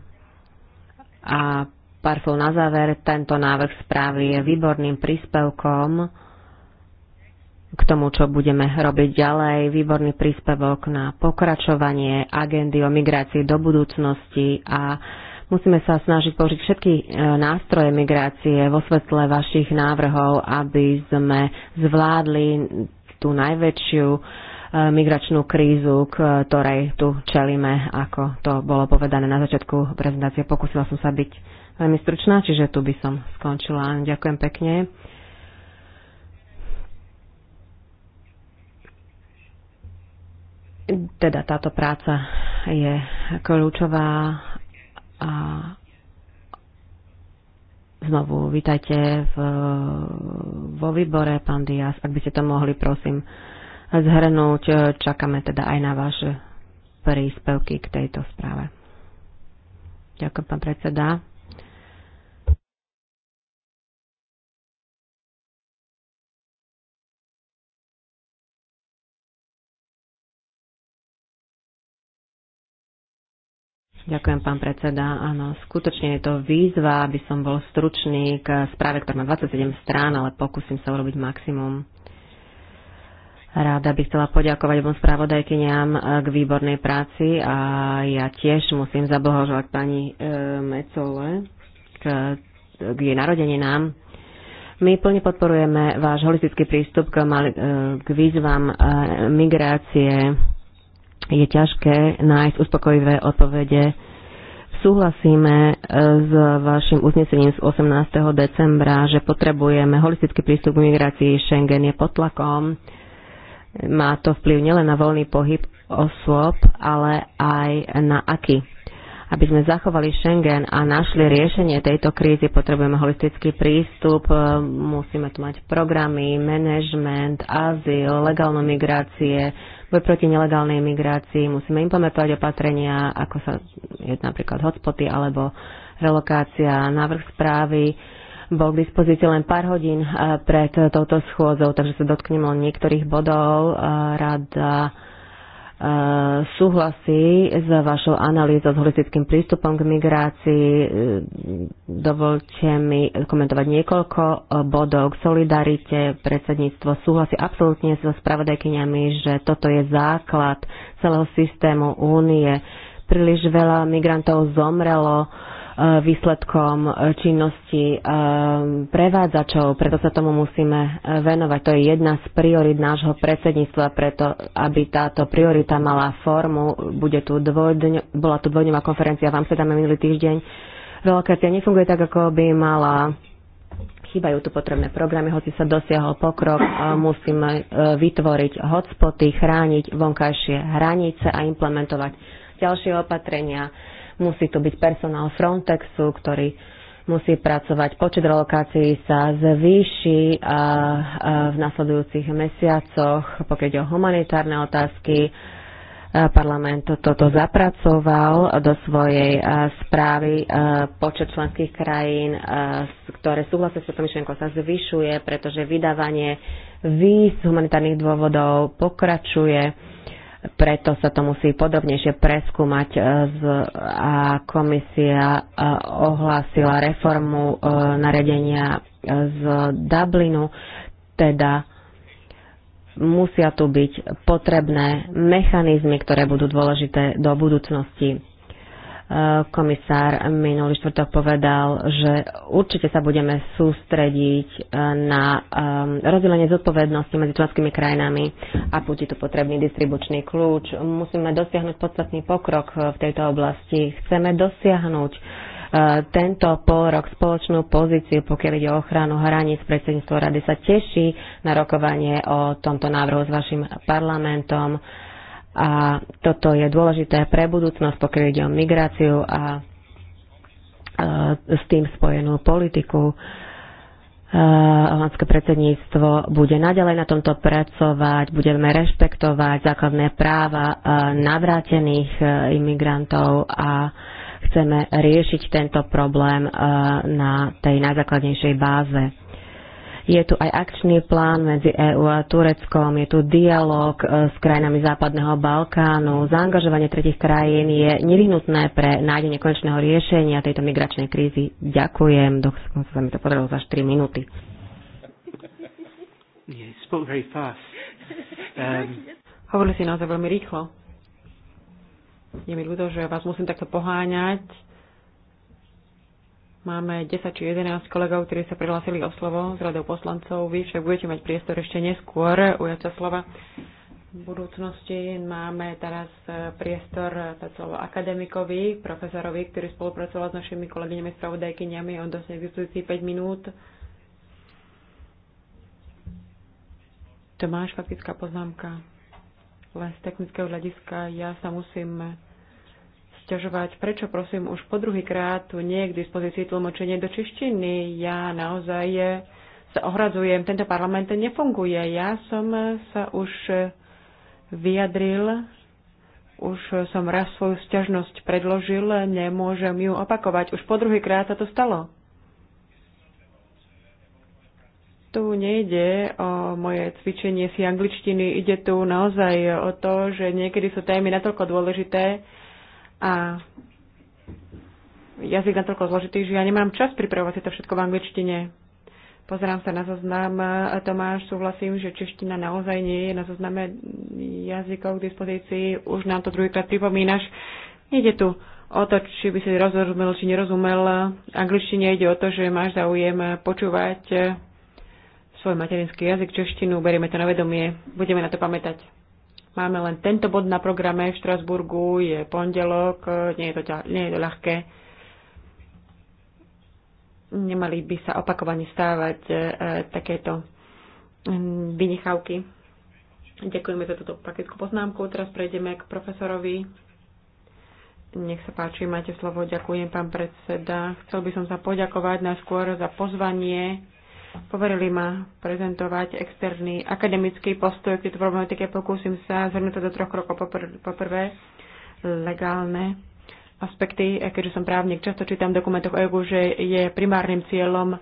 A parfum na záver, tento návrh správy je výborným príspevkom k tomu, čo budeme robiť ďalej. Výborný príspevok na pokračovanie agendy o migrácii do budúcnosti a musíme sa snažiť použiť všetky e, nástroje migrácie vo svetle vašich návrhov, aby sme zvládli tú najväčšiu migračnú krízu, ktorej tu čelíme, ako to bolo povedané na začiatku prezentácie. Pokúsila som sa byť veľmi stručná, čiže tu by som skončila. Ďakujem pekne. Teda táto práca je kľúčová a znovu vítajte v, vo výbore, pán Dias. Ak by ste to mohli, prosím, zhrnúť. E, čakáme teda aj na vaše príspevky k tejto správe. Ďakujem, pán predseda. Ďakujem, pán predseda. Áno, skutočne je to výzva, aby som bol stručný k správe, ktorá má 27 strán, ale pokúsim sa urobiť maximum. Rada by chcela poďakovať obom spravodajkyniam eh, k výbornej práci a ja tiež musím zablahoželať pani eh, Mecole k, k jej nám. My plne podporujeme váš holistický prístup k, mali, eh, k výzvam migrácie. Je ťažké nájsť uspokojivé odpovede. Súhlasíme s vašim uznesením z 18. decembra, že potrebujeme holistický prístup k migrácii. Schengen je pod tlakom má to vplyv nielen na voľný pohyb osôb, ale aj na aký. Aby sme zachovali Schengen a našli riešenie tejto krízy, potrebujeme holistický prístup, e, musíme tu mať programy, manažment, azyl, legálnu migrácie, boj proti nelegálnej migrácii, musíme implementovať opatrenia, ako sa je napríklad hotspoty alebo relokácia, návrh správy bol k dispozícii len pár hodín eh, pred touto schôdzou, takže sa dotknem len niektorých bodov. Eh, rada eh, súhlasí s vašou analýzou s holistickým prístupom k migrácii. Dovolte mi komentovať niekoľko bodov k solidarite. Predsedníctvo súhlasí absolútne so spravodajkyňami, že toto je základ celého systému únie. Príliš veľa migrantov zomrelo E, výsledkom e, činnosti e, prevádzačov, preto sa tomu musíme venovať. To je jedna z priorit nášho predsedníctva, preto aby táto priorita mala formu, bude tu dvojdň, bola tu dvojdňová konferencia v Amsterdame minulý týždeň. Relokácia nefunguje tak, ako by mala chýbajú tu potrebné programy, hoci sa dosiahol pokrok, musíme vytvoriť hotspoty, chrániť vonkajšie hranice a implementovať ďalšie opatrenia. Musí tu byť personál Frontexu, ktorý musí pracovať. Počet relokácií sa zvýši a, a v nasledujúcich mesiacoch, pokiaľ ide o humanitárne otázky. Parlament toto zapracoval do svojej správy. Počet členských krajín, ktoré súhlasia s touto myšlienkou, sa zvyšuje, pretože vydávanie víz z humanitárnych dôvodov pokračuje preto sa to musí podrobnejšie preskúmať e, a komisia e, ohlásila reformu e, naredenia z Dublinu, teda musia tu byť potrebné mechanizmy, ktoré budú dôležité do budúcnosti. Eh, komisár minulý štvrtok povedal, že určite sa budeme sústrediť eh, na eh, rozdelenie zodpovednosti medzi členskými krajinami a bude to potrebný distribučný kľúč. Musíme dosiahnuť podstatný pokrok v tejto oblasti. Chceme dosiahnuť tento pol rok spoločnú pozíciu, pokiaľ ide o ochranu hraníc. Predsedníctvo rady sa teší na rokovanie o tomto návrhu s vašim parlamentom a toto je dôležité pre budúcnosť, pokiaľ ide o migráciu a e, s tým spojenú politiku. E, holandské predsedníctvo bude naďalej na tomto pracovať, budeme rešpektovať základné práva e, navrátených imigrantov a chceme riešiť tento problém na tej najzákladnejšej báze. Je tu aj akčný plán medzi EÚ a Tureckom, je tu dialog e, s krajinami Západného Balkánu. Zaangažovanie tretich krajín je nevyhnutné pre nájdenie konečného riešenia tejto migračnej krízy. Ďakujem, dokonca sa mi to podarilo za 4 minúty. Um, Hovorili si naozaj veľmi rýchlo. Je mi ľúto, že vás musím takto poháňať Máme 10 či 11 kolegov, ktorí sa prihlásili o slovo z radou poslancov. Vy však budete mať priestor ešte neskôr ujať sa slova. V budúcnosti máme teraz e, priestor dať slovo akademikovi, profesorovi, ktorý spolupracoval s našimi kolegyňami spravodajkyniami. On dosť k 5 minút. Tomáš, faktická poznámka. Len z technického hľadiska ja sa musím sťažovať, prečo prosím už po druhýkrát tu nie je k dispozícii tlmočenie do češtiny. Ja naozaj sa ohradzujem, tento parlament nefunguje. Ja som sa už vyjadril, už som raz svoju sťažnosť predložil, nemôžem ju opakovať. Už po druhýkrát sa to stalo. Tu nejde o moje cvičenie si angličtiny, ide tu naozaj o to, že niekedy sú témy natoľko dôležité, a jazyk natoľko zložitý, že ja nemám čas pripravovať si to všetko v angličtine. Pozerám sa na zoznam. Tomáš, súhlasím, že čeština naozaj nie je na zozname jazykov k dispozícii. Už nám to druhýkrát pripomínaš. Ide tu o to, či by si rozumel, či nerozumel. Angličtine ide o to, že máš záujem počúvať svoj materinský jazyk, češtinu. Berieme to na vedomie. Budeme na to pamätať. Máme len tento bod na programe v Štrasburgu, je pondelok, nie je to, nie je to ľahké. Nemali by sa opakovane stávať e, takéto mm, vynichavky. Ďakujeme za túto faktickú poznámku. Teraz prejdeme k profesorovi. Nech sa páči, máte slovo. Ďakujem, pán predseda. Chcel by som sa poďakovať najskôr za pozvanie Poverili ma prezentovať externý akademický postoj k tejto problematike. Pokúsim sa zhrnúť to do troch krokov. poprvé, legálne aspekty, e, keďže som právnik, často čítam v dokumentoch EU, že je primárnym cieľom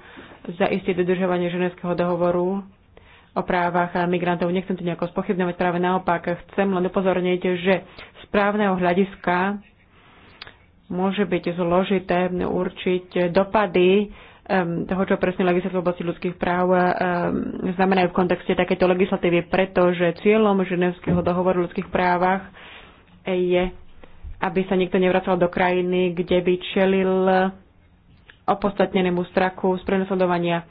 zaistiť dodržovanie ženevského dohovoru o právach migrantov. Nechcem to nejako spochybňovať, práve naopak chcem len upozorniť, že z právneho hľadiska môže byť zložité určiť dopady Ehm, toho, čo presne legislatíva v oblasti ľudských práv ehm, znamenajú v kontexte takéto legislatívy, pretože cieľom Ženevského dohovoru o ľudských právach je, aby sa nikto nevracal do krajiny, kde by čelil opodstatnenému straku z prenosledovania.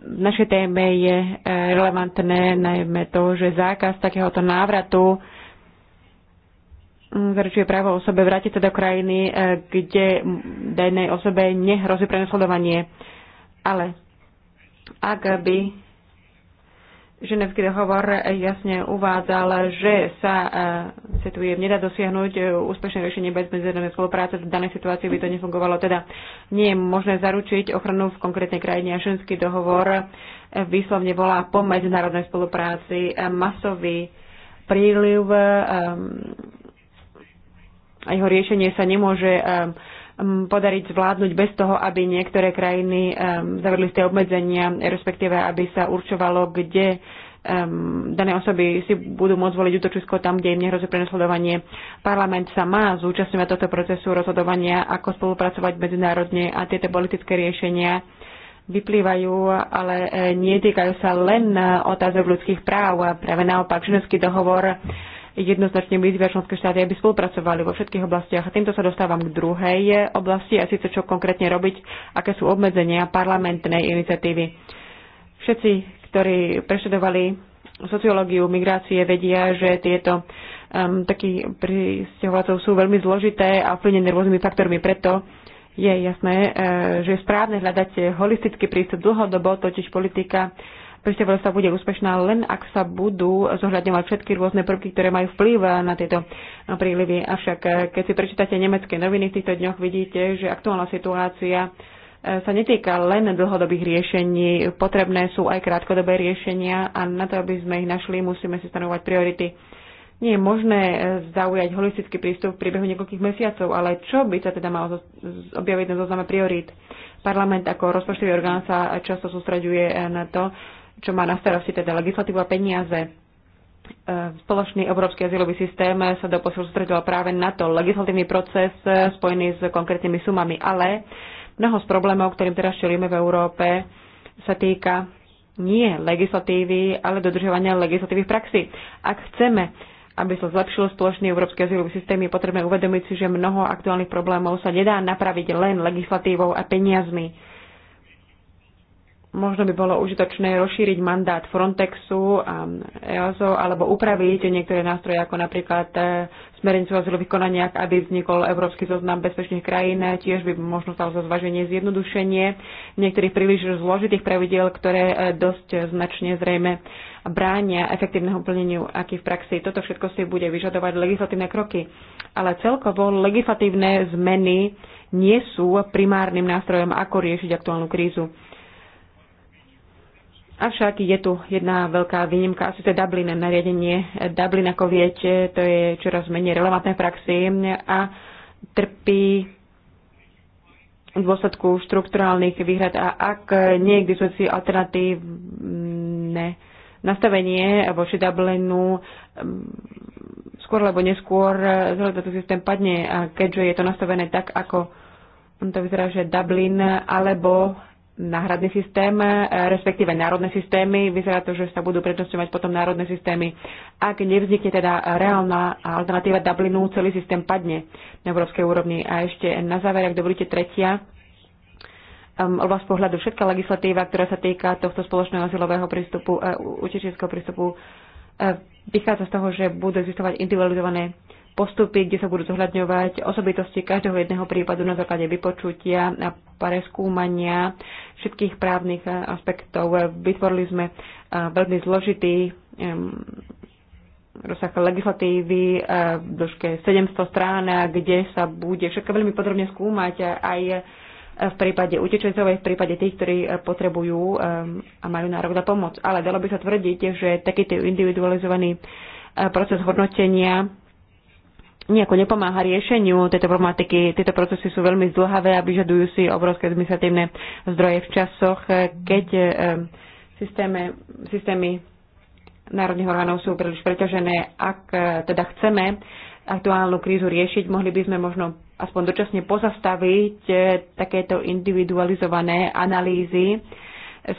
V našej téme je eh, relevantné najmä to, že zákaz takéhoto návratu Mm, zaručuje právo osobe vrátiť sa do krajiny, e, kde danej osobe nehrozí prenasledovanie. Ale ak by Ženevský dohovor jasne uvádzal, že sa, citujem, e, nedá dosiahnuť e, úspešné riešenie bez medzinárodnej spolupráce. V danej situácii by to nefungovalo. Teda nie je možné zaručiť ochranu v konkrétnej krajine a Ženský dohovor výslovne volá po medzinárodnej spolupráci masový príliv a jeho riešenie sa nemôže eh, podariť zvládnuť bez toho, aby niektoré krajiny eh, zavedli tie obmedzenia, respektíve aby sa určovalo, kde dané osoby si budú môcť voliť útočisko tam, kde im nehrozí prenasledovanie. Parlament sa má zúčastňovať tohto procesu rozhodovania, ako spolupracovať medzinárodne a tieto politické riešenia vyplývajú, ale eh, netýkajú sa len otázok ľudských práv. Práve naopak, ženský dohovor jednoznačne vyzýva členské štáty, aby spolupracovali vo všetkých oblastiach. A týmto sa dostávam k druhej oblasti a síce čo konkrétne robiť, aké sú obmedzenia parlamentnej iniciatívy. Všetci, ktorí preštudovali sociológiu migrácie, vedia, že tieto um, takí pristahovalcov sú veľmi zložité a úplne rôznymi faktormi. Preto je jasné, uh, že je správne hľadať holistický prístup dlhodobo, totiž politika pristahovalstva bude úspešná len ak sa budú zohľadňovať všetky rôzne prvky, ktoré majú vplyv na tieto prílivy. Avšak eh, keď si prečítate nemecké noviny v týchto dňoch, vidíte, že aktuálna situácia eh, sa netýka len dlhodobých riešení. Potrebné sú aj krátkodobé riešenia a na to, aby sme ich našli, musíme si stanovať priority. Nie je možné eh, zaujať holistický prístup v priebehu niekoľkých mesiacov, ale čo by sa teda malo objaviť na zozname priorít? Parlament ako rozpočtový orgán sa často sústraďuje na to, čo má na starosti teda legislatívu a peniaze. E, spoločný európsky azylový systém sa doposiaľ sústredil práve na to legislatívny proces e, spojený s konkrétnymi sumami, ale mnoho z problémov, ktorým teraz čelíme v Európe, sa týka nie legislatívy, ale dodržovania legislatívy v praxi. Ak chceme, aby sa zlepšil spoločný európsky azylový systém, je potrebné uvedomiť si, že mnoho aktuálnych problémov sa nedá napraviť len legislatívou a peniazmi. Možno by bolo užitočné rozšíriť mandát Frontexu a EASO alebo upraviť niektoré nástroje, ako napríklad e, smernicu o azylových konaniach, aby vznikol Európsky zoznam bezpečných krajín. Tiež by možno stalo za zvaženie zjednodušenie niektorých príliš zložitých pravidiel, ktoré e, dosť značne zrejme bránia efektívneho plneniu aký v praxi. Toto všetko si bude vyžadovať legislatívne kroky. Ale celkovo legislatívne zmeny nie sú primárnym nástrojom, ako riešiť aktuálnu krízu. Avšak je tu jedna veľká výnimka, asi to je Dublin, nariadenie Dublin, ako viete, to je čoraz menej relevantné v praxi a trpí v dôsledku štrukturálnych výhrad a ak nie je k dispozícii alternatívne nastavenie voči Dublinu, skôr alebo neskôr zhľadať systém padne, a keďže je to nastavené tak, ako to vyzerá, že Dublin alebo náhradný systém, e, respektíve národné systémy. Vyzerá to, že sa budú prednosťovať potom národné systémy. Ak nevznikne teda reálna alternatíva Dublinu, celý systém padne na európskej úrovni. A ešte na záver, ak dovolíte, tretia um, oblasť z pohľadu všetká legislatíva, ktorá sa týka tohto spoločného asilového prístupu, e, uh, utečenského prístupu, uh, vychádza z toho, že budú existovať individualizované postupy, kde sa budú zohľadňovať osobitosti každého jedného prípadu na základe vypočutia a preskúmania všetkých právnych aspektov. Vytvorili sme veľmi zložitý rozsah legislatívy v dĺžke 700 strán, kde sa bude všetko veľmi podrobne skúmať aj v prípade utečencov, aj v prípade tých, ktorí potrebujú a majú nárok na pomoc. Ale dalo by sa tvrdiť, že takýto individualizovaný proces hodnotenia nejako nepomáha riešeniu tejto problematiky. Tieto procesy sú veľmi zdlhavé a vyžadujú si obrovské administratívne zdroje v časoch, keď e, systéme, systémy národných orgánov sú príliš preťažené. Ak e, teda chceme aktuálnu krízu riešiť, mohli by sme možno aspoň dočasne pozastaviť e, takéto individualizované analýzy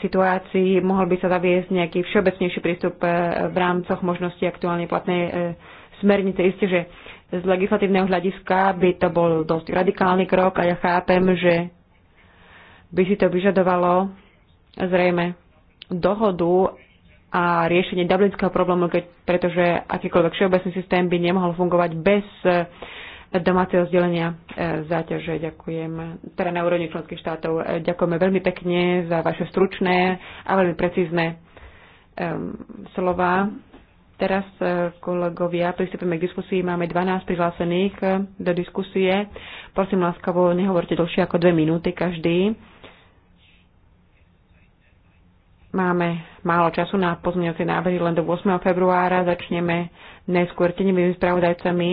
situácií. Mohol by sa zaviesť nejaký všeobecnejší prístup v rámcoch možnosti aktuálne platnej smernice. Isté, že z legislatívneho hľadiska by to bol dosť radikálny krok a ja chápem, že by si to vyžadovalo zrejme dohodu a riešenie dublinského problému, keď, pretože akýkoľvek všeobecný systém by nemohol fungovať bez eh, domáceho vzdelenia eh, záťaže. Ďakujem. Teda na úrovni členských štátov eh, ďakujeme veľmi pekne za vaše stručné a veľmi precízne um, slova. Teraz, e, kolegovia, pristúpime k diskusii. Máme 12 prihlásených e, do diskusie. Prosím láskavo, nehovorte dlhšie ako dve minúty každý. Máme málo času na pozmeňovacie návrhy, len do 8. februára začneme neskôr tenivými spravodajcami.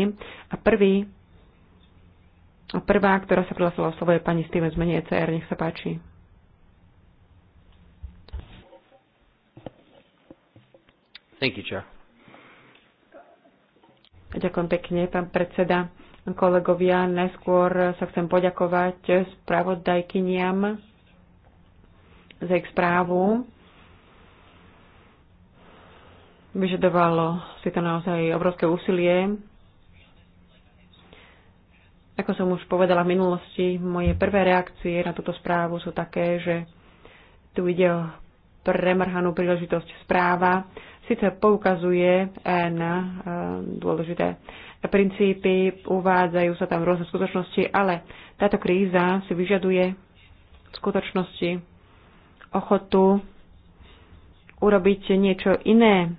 A prvý, a prvá, ktorá sa prihlásila slovo je pani Stevens, menej CR. nech sa páči. Thank you, Chair. Ďakujem pekne, pán predseda. Kolegovia, najskôr sa chcem poďakovať spravodajkyniam za ich správu. Vyžadovalo si to naozaj obrovské úsilie. Ako som už povedala v minulosti, moje prvé reakcie na túto správu sú také, že tu ide o premrhanú príležitosť správa, síce poukazuje eh, na eh, dôležité princípy, uvádzajú sa tam rôzne skutočnosti, ale táto kríza si vyžaduje v skutočnosti ochotu urobiť niečo iné,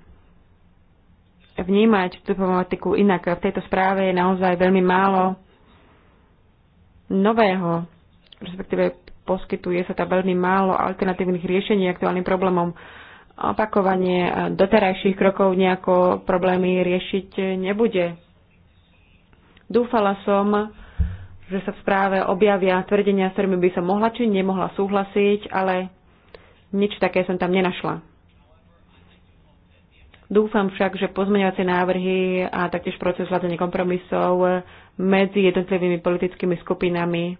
vnímať tú problematiku inak. V tejto správe je naozaj veľmi málo nového, respektíve poskytuje sa tam veľmi málo alternatívnych riešení aktuálnym problémom opakovanie doterajších krokov nejako problémy riešiť nebude. Dúfala som, že sa v správe objavia tvrdenia, s ktorými by som mohla či nemohla súhlasiť, ale nič také som tam nenašla. Dúfam však, že pozmeňovacie návrhy a taktiež proces hľadania kompromisov medzi jednotlivými politickými skupinami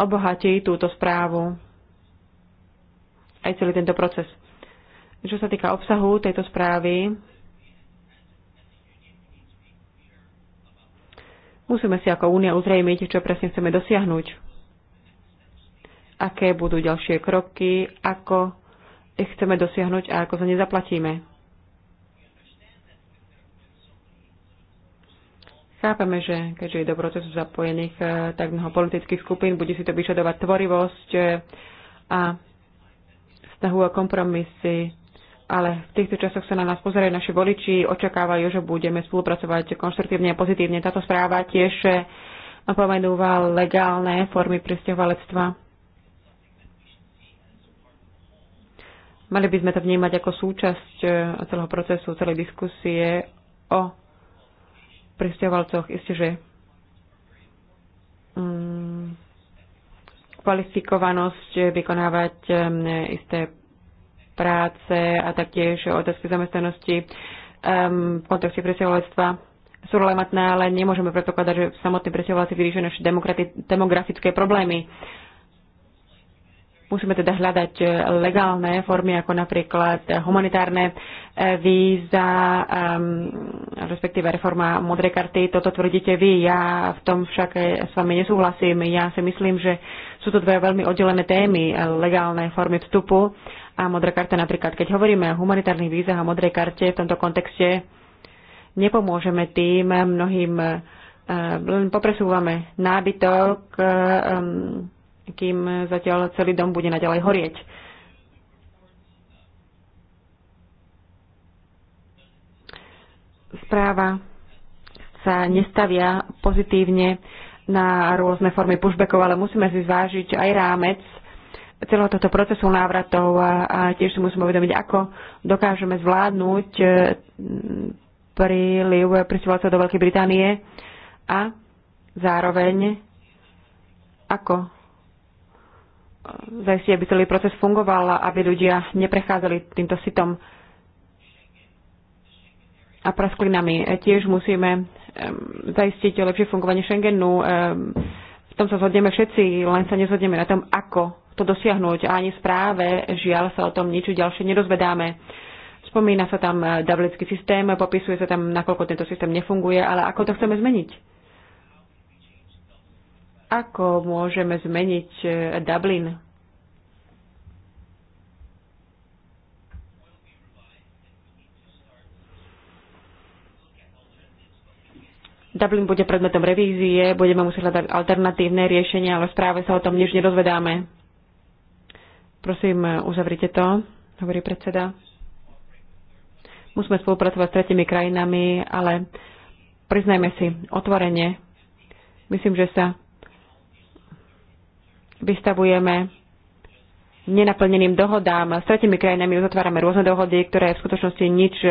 obohatí túto správu aj celý tento proces. Čo sa týka obsahu tejto správy, musíme si ako únia uzrejmiť, čo presne chceme dosiahnuť. Aké budú ďalšie kroky, ako ich chceme dosiahnuť a ako za ne zaplatíme. Chápeme, že keďže je do procesu zapojených eh, tak mnoho politických skupín, bude si to vyžadovať tvorivosť eh, a snahu o kompromisy, ale v týchto časoch sa na nás pozerajú naši voliči, očakávajú, že budeme spolupracovať konštruktívne a pozitívne. Táto správa tiež eh, napomenúva legálne formy pristahovalectva. Mali by sme to vnímať ako súčasť eh, celého procesu, celej diskusie o pristahovalcoch. Isté, že mm, kvalifikovanosť eh, vykonávať isté práce a taktiež otázky zamestnanosti v kontexte presiehovalectva sú relevantné, ale nemôžeme predpokladať, že samotní presťahovalci vyriešia naše demografické problémy. Musíme teda hľadať e, legálne formy, ako napríklad humanitárne e, víza, ehm, respektíve reforma modrej karty. Toto tvrdíte vy, ja v tom však s vami nesúhlasím. Ja si myslím, že sú to dve veľmi oddelené témy, e, legálne formy vstupu a modrá karta napríklad. Keď hovoríme o humanitárnych vízach a modrej karte v tomto kontexte, nepomôžeme tým mnohým, len popresúvame nábytok, ehm, kým zatiaľ celý dom bude naďalej horieť. Správa sa nestavia pozitívne na rôzne formy pushbackov, ale musíme si zvážiť aj rámec celého tohto procesu návratov a tiež si musíme uvedomiť, ako dokážeme zvládnuť e, príliv prisúvalcov do Veľkej Británie a zároveň ako zajistiť, aby celý proces fungoval a aby ľudia neprechádzali týmto sitom a prasklinami. E, tiež musíme zajistiť lepšie fungovanie Schengenu. V tom sa zhodneme všetci, len sa nezhodneme na tom, ako to dosiahnuť. A ani správe, žiaľ, sa o tom nič ďalšie nedozvedáme. Spomína sa tam e, dublinský systém, popisuje sa tam, nakoľko tento systém nefunguje, ale ako to chceme zmeniť. Ako môžeme zmeniť e, Dublin? Dublin bude predmetom revízie, budeme musieť hľadať alternatívne riešenia, ale v správe sa o tom nič nedozvedáme. Prosím, e, uzavrite to, hovorí predseda. Musíme spolupracovať s tretimi krajinami, ale priznajme si otvorene. Myslím, že sa vystavujeme nenaplneným dohodám. S tretimi krajinami uzatvárame rôzne dohody, ktoré v skutočnosti nič e,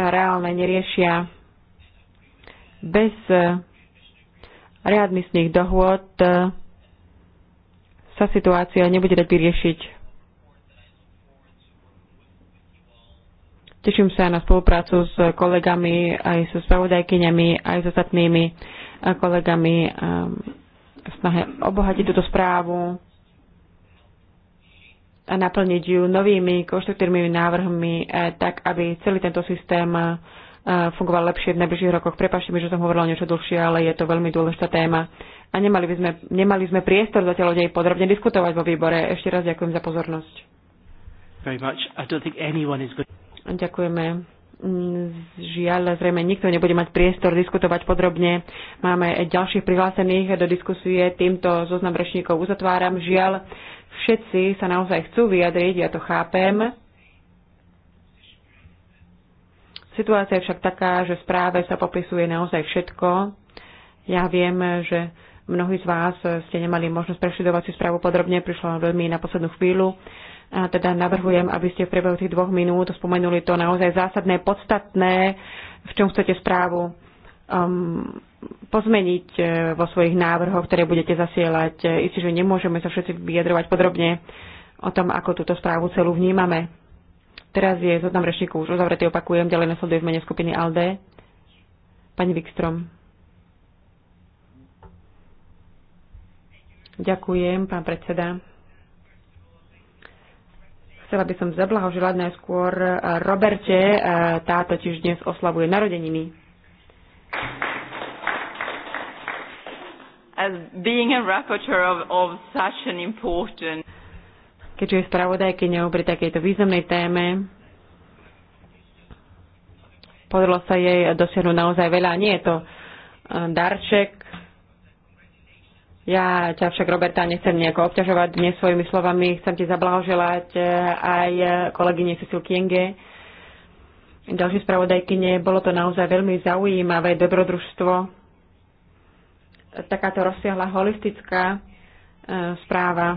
reálne neriešia. Bez e, readmisných dohôd e, sa situácia nebude dať vyriešiť. Teším sa na spoluprácu s kolegami, aj so spravodajkyňami, aj s so ostatnými kolegami snahe obohatiť túto správu a naplniť ju novými konštruktívnymi návrhmi, eh, tak aby celý tento systém eh, fungoval lepšie v najbližších rokoch. Prepašte mi, že som hovorila niečo dlhšie, ale je to veľmi dôležitá téma. A nemali, by sme, nemali sme priestor zatiaľ o nej podrobne diskutovať vo výbore. Ešte raz ďakujem za pozornosť. Very much. I don't think anyone is Ďakujeme. Mm, žiaľ, zrejme nikto nebude mať priestor diskutovať podrobne. Máme ďalších prihlásených do diskusie. Týmto zoznam rečníkov uzatváram. Žiaľ, všetci sa naozaj chcú vyjadriť, ja to chápem. Situácia je však taká, že v správe sa popisuje naozaj všetko. Ja viem, že mnohí z vás ste nemali možnosť prešidovať si správu podrobne, prišla veľmi na poslednú chvíľu. A teda navrhujem, aby ste v priebehu tých dvoch minút spomenuli to naozaj zásadné, podstatné, v čom chcete správu um, pozmeniť e, vo svojich návrhoch, ktoré budete zasielať. E, Isté, že nemôžeme sa všetci vyjadrovať podrobne o tom, ako túto správu celú vnímame. Teraz je zoznam rečníkov už uzavretý, opakujem, ďalej nasleduje v mene skupiny ALDE. Pani Wikstrom. Ďakujem, pán predseda. Chcela by som zablahoželať najskôr eh, Roberte, eh, tá totiž dnes oslavuje narodeniny. As being a rapporteur of, of such an important keďže je spravodajkyňou pri takejto významnej téme. Podarilo sa jej dosiahnuť naozaj veľa. Nie je to eh, darček, ja ťa však, Roberta, nechcem nejako obťažovať dnes svojimi slovami. Chcem ti zablahoželať eh, aj eh, kolegyne Cecil Kienge, ďalšie spravodajkyne. Bolo to naozaj veľmi zaujímavé dobrodružstvo. Takáto rozsiahla holistická eh, správa.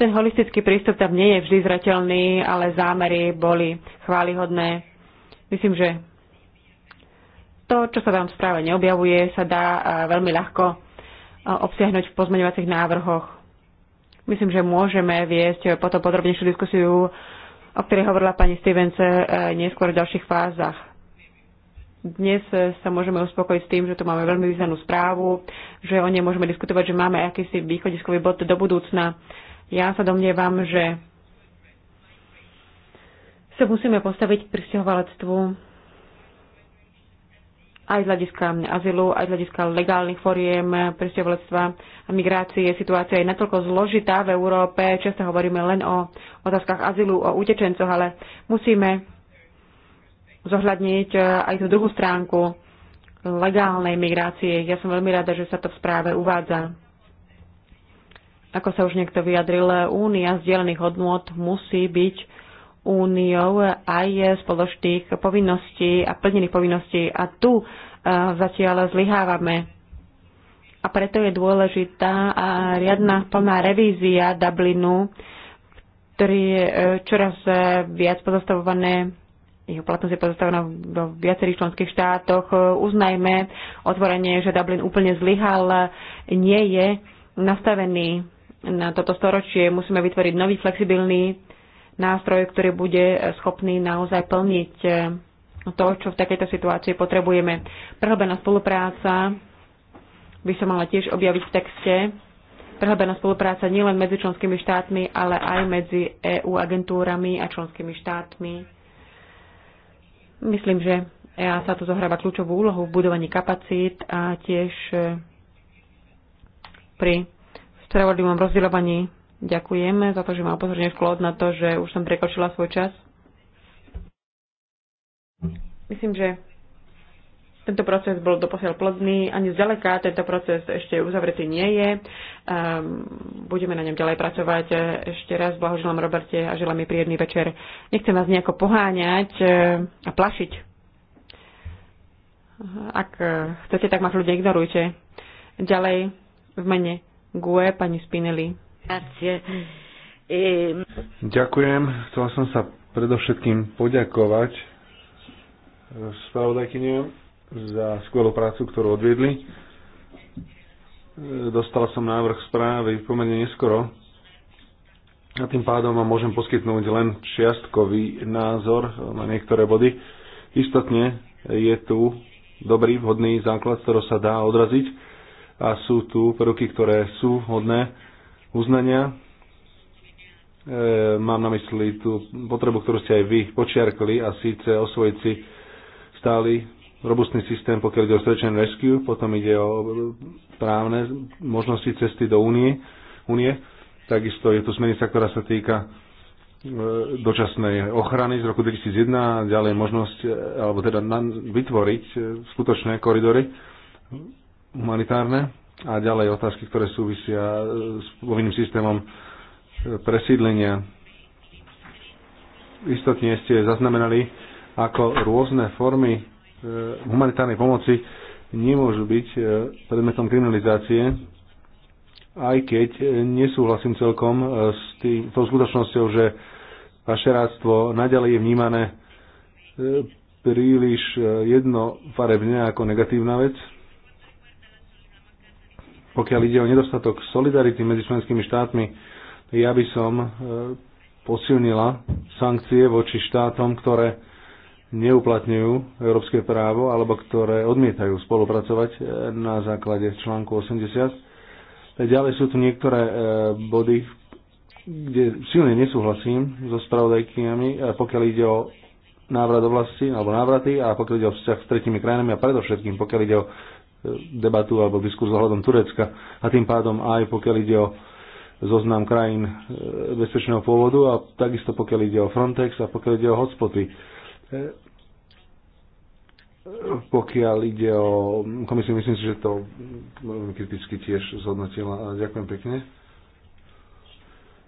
Ten holistický prístup tam nie je vždy zrateľný, ale zámery boli chválihodné. Myslím, že to, čo sa vám v správe neobjavuje, sa dá veľmi ľahko obsiahnuť v pozmeňovacích návrhoch. Myslím, že môžeme viesť potom podrobnejšiu diskusiu, o ktorej hovorila pani Stevens e, neskôr v ďalších fázach. Dnes sa môžeme uspokojiť s tým, že tu máme veľmi významnú správu, že o nej môžeme diskutovať, že máme akýsi východiskový bod do budúcna. Ja sa domnievam, že sa musíme postaviť k pristahovalectvu aj z hľadiska azylu, aj z hľadiska legálnych foriem presťovalectva a migrácie. Situácia je natoľko zložitá v Európe, často hovoríme len o otázkach azylu, o utečencoch, ale musíme zohľadniť eh, aj tú druhú stránku legálnej migrácie. Ja som veľmi rada, že sa to v správe uvádza. Ako sa už niekto vyjadril, únia zdieľaných hodnôt musí byť úniou aj spoločných povinností a plnených povinností. A tu e, zatiaľ zlyhávame. A preto je dôležitá a riadna plná revízia Dublinu, ktorý je e, čoraz e, viac pozastavované jeho platnosť je pozastavená vo viacerých členských štátoch. Uznajme otvorenie, že Dublin úplne zlyhal, nie je nastavený na toto storočie. Musíme vytvoriť nový flexibilný nástroj, ktorý bude schopný naozaj plniť eh, to, čo v takejto situácii potrebujeme. Prehlbená spolupráca by sa mala tiež objaviť v texte. Prehlbená spolupráca nielen medzi členskými štátmi, ale aj medzi EU agentúrami a členskými štátmi. Myslím, že EA sa tu zohráva kľúčovú úlohu v budovaní kapacít a tiež eh, pri spravodlivom rozdeľovaní Ďakujem za to, že ma upozornil Klód na to, že už som prekočila svoj čas. Myslím, že tento proces bol doposiaľ plodný, ani zďaleka tento proces ešte uzavretý nie je. Um, budeme na ňom ďalej pracovať. Ešte raz blahoželám Roberte a želám mi príjemný večer. Nechcem vás nejako poháňať uh, a plašiť. Ak uh, chcete, tak ma ľudia ignorujte. Ďalej v mene GUE pani Spinelli. E, Ďakujem. Chcela som sa predovšetkým poďakovať spravodajkyniam za skvelú prácu, ktorú odviedli. Dostal som návrh správy pomerne neskoro a tým pádom vám môžem poskytnúť len čiastkový názor na niektoré body. Istotne je tu dobrý, vhodný základ, z ktorého sa dá odraziť a sú tu prvky, ktoré sú hodné uznania. E, mám na mysli tú potrebu, ktorú ste aj vy počiarkli a síce osvojiť si stály robustný systém, pokiaľ ide o search and rescue, potom ide o právne možnosti cesty do únie, únie. Takisto je tu smenica, ktorá sa týka e, dočasnej ochrany z roku 2001 a ďalej možnosť, e, alebo teda vytvoriť e, skutočné koridory humanitárne a ďalej otázky, ktoré súvisia e, s povinným systémom e, presídlenia. Istotne ste zaznamenali, ako rôzne formy e, humanitárnej pomoci nemôžu byť predmetom kriminalizácie, aj keď nesúhlasím celkom s tým, tou skutočnosťou, že vaše rádstvo naďalej je vnímané príliš jednofarebne ako negatívna vec. Pokiaľ ide o nedostatok solidarity medzi členskými štátmi, ja by som e, posilnila sankcie voči štátom, ktoré neuplatňujú európske právo alebo ktoré odmietajú spolupracovať e, na základe článku 80. Ďalej sú tu niektoré e, body, kde silne nesúhlasím so spravodajkyňami, pokiaľ ide o návrat do vlasti alebo návraty a pokiaľ ide o vzťah s tretimi krajinami a predovšetkým pokiaľ ide o debatu alebo diskurs ohľadom Turecka a tým pádom aj pokiaľ ide o zoznam krajín e, bezpečného pôvodu a takisto pokiaľ ide o Frontex a pokiaľ ide o hotspoty. E, pokiaľ ide o komisiu, myslím si, že to veľmi kriticky tiež zhodnotila. Ďakujem pekne.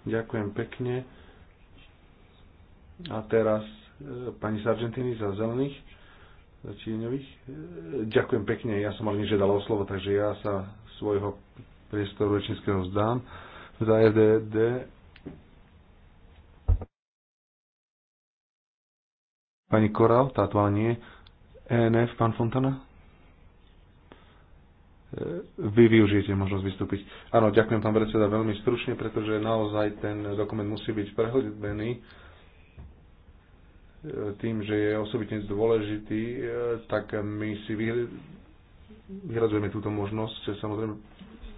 Ďakujem pekne. A teraz e, pani Sargentini za zelených. Čieňových. E, ďakujem pekne, ja som ale nežiadal o slovo, takže ja sa svojho priestoru rečníckého vzdám. Za EDD Pani Koral, táto ale nie. ENF, pán Fontana? E, vy využijete možnosť vystúpiť. Áno, ďakujem, pán predseda, veľmi stručne, pretože naozaj ten dokument musí byť prehodený tým, že je osobitne dôležitý, e, tak my si vyhradzujeme túto možnosť, samozrejme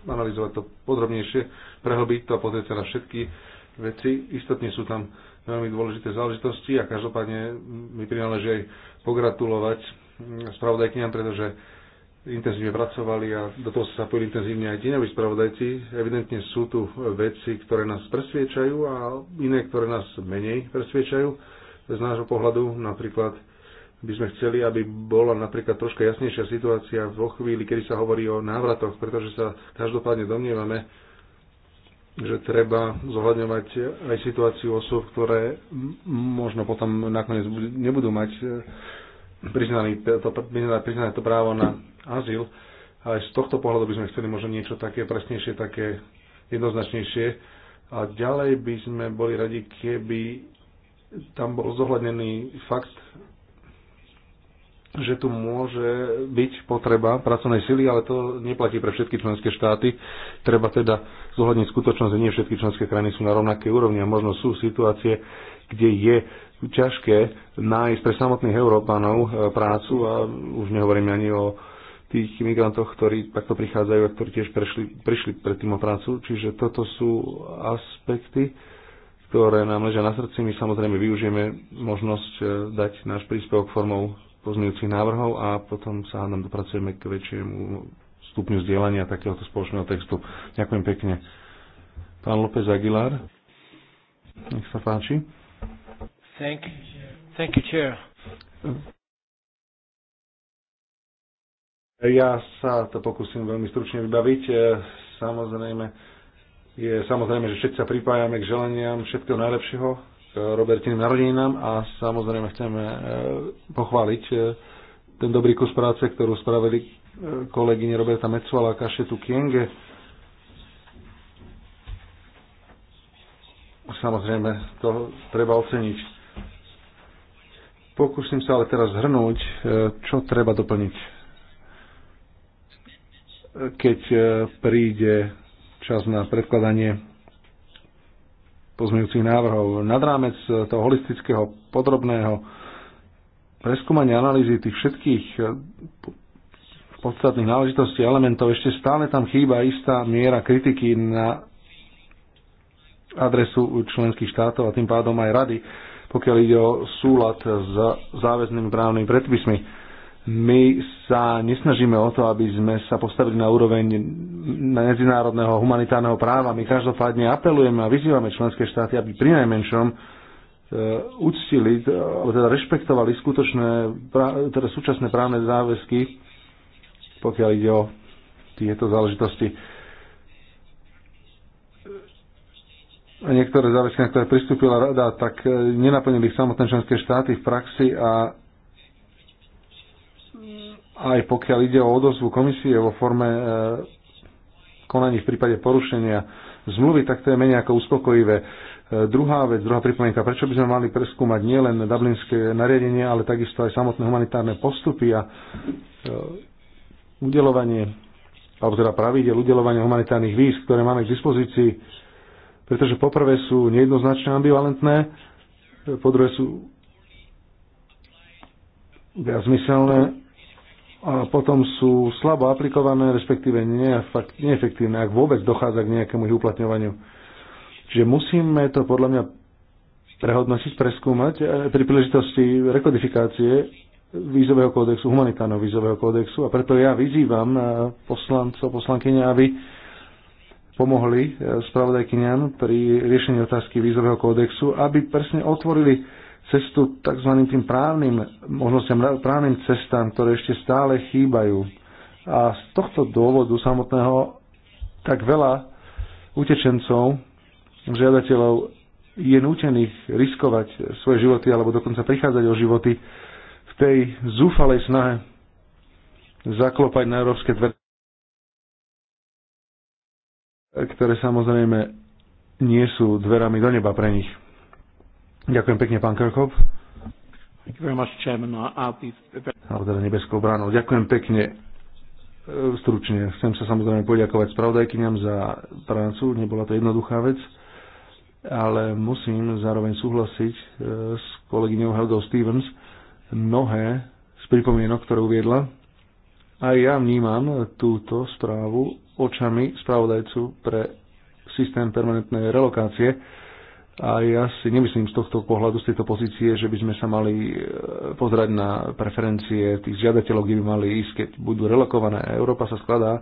analyzovať to podrobnejšie, prehlbiť to a pozrieť sa na všetky veci. Istotne sú tam veľmi dôležité záležitosti a každopádne mi prináleží aj pogratulovať spravodajkyňam, pretože intenzívne pracovali a do toho sa zapojili intenzívne aj tieňoví spravodajci. Evidentne sú tu veci, ktoré nás presviečajú a iné, ktoré nás menej presviečajú z nášho pohľadu. Napríklad by sme chceli, aby bola napríklad troška jasnejšia situácia vo chvíli, kedy sa hovorí o návratoch, pretože sa každopádne domnievame, že treba zohľadňovať aj situáciu osôb, ktoré možno potom nakoniec nebudú mať e, priznané to, priznané to právo na azyl. A aj z tohto pohľadu by sme chceli možno niečo také presnejšie, také jednoznačnejšie. A ďalej by sme boli radi, keby tam bol zohľadnený fakt, že tu môže byť potreba pracovnej sily, ale to neplatí pre všetky členské štáty. Treba teda zohľadniť skutočnosť, že nie všetky členské krajiny sú na rovnakej úrovni a možno sú situácie, kde je ťažké nájsť pre samotných Európanov e, prácu a už nehovorím ani o tých imigrantoch, ktorí takto prichádzajú a ktorí tiež prešli, prišli tým o prácu. Čiže toto sú aspekty, ktoré nám ležia na srdci. My samozrejme využijeme možnosť e, dať náš príspevok formou pozmeňujúcich návrhov a potom sa nám dopracujeme k väčšiemu stupňu vzdielania takéhoto spoločného textu. Ďakujem pekne. Pán López Aguilar, nech sa páči. Thank you, Thank you chair. Ja sa to pokúsim veľmi stručne vybaviť. E, samozrejme, je samozrejme, že všetci sa pripájame k želeniam všetkého najlepšieho k Robertiným narodeninám a samozrejme chceme e, pochváliť e, ten dobrý kus práce, ktorú spravili e, kolegyne Roberta Mecuala a Kašetu Kienge. Samozrejme, to treba oceniť. Pokúsim sa ale teraz zhrnúť, čo treba doplniť. Keď príde čas na predkladanie pozmeňujúcich návrhov. Nad rámec toho holistického, podrobného preskúmania analýzy tých všetkých eh, podstatných náležitostí elementov ešte stále tam chýba istá miera kritiky na adresu členských štátov a tým pádom aj rady, pokiaľ ide o súlad s záväznými právnymi predpismi my sa nesnažíme o to, aby sme sa postavili na úroveň medzinárodného humanitárneho práva. My každopádne apelujeme a vyzývame členské štáty, aby pri najmenšom e, uctili, e, alebo teda rešpektovali skutočné, teda súčasné právne záväzky, pokiaľ ide o tieto záležitosti. A niektoré záväzky, na ktoré pristúpila rada, tak e, nenaplnili samotné členské štáty v praxi a aj pokiaľ ide o odozvu komisie vo forme e, konaní v prípade porušenia zmluvy, tak to je menej ako uspokojivé. E, druhá vec, druhá pripomienka, prečo by sme mali preskúmať nielen dublinské nariadenie, ale takisto aj samotné humanitárne postupy a e, udelovanie, alebo teda pravidel udelovania humanitárnych víz, ktoré máme k dispozícii, pretože poprvé sú nejednoznačne ambivalentné, po druhé sú viac zmyselné a potom sú slabo aplikované, respektíve neefektívne, ak vôbec dochádza k nejakému ich uplatňovaniu. Čiže musíme to podľa mňa prehodnotiť, preskúmať e, pri príležitosti rekodifikácie vízového kódexu, humanitárneho vízového kódexu a preto ja vyzývam e, poslancov, poslankyne, aby pomohli e, spravodajkyňam pri riešení otázky vízového kódexu, aby presne otvorili cestu tzv. tým právnym možnostiam, právnym cestám, ktoré ešte stále chýbajú. A z tohto dôvodu samotného tak veľa utečencov, žiadateľov je nútených riskovať svoje životy alebo dokonca prichádzať o životy v tej zúfalej snahe zaklopať na európske dvere, ktoré samozrejme nie sú dverami do neba pre nich. Ďakujem pekne, pán Kirchhoff. Alebo teda nebeskou bránou. Ďakujem pekne. E, stručne. Chcem sa samozrejme poďakovať spravodajkyňam za prácu. Nebola to jednoduchá vec ale musím zároveň súhlasiť e, s kolegyňou Helgou Stevens mnohé z pripomienok, ktoré uviedla. A ja vnímam túto správu očami spravodajcu pre systém permanentnej relokácie a ja si nemyslím z tohto pohľadu, z tejto pozície, že by sme sa mali e, pozerať na preferencie tých žiadateľov, kde by mali ísť, keď budú relokované. Európa sa skladá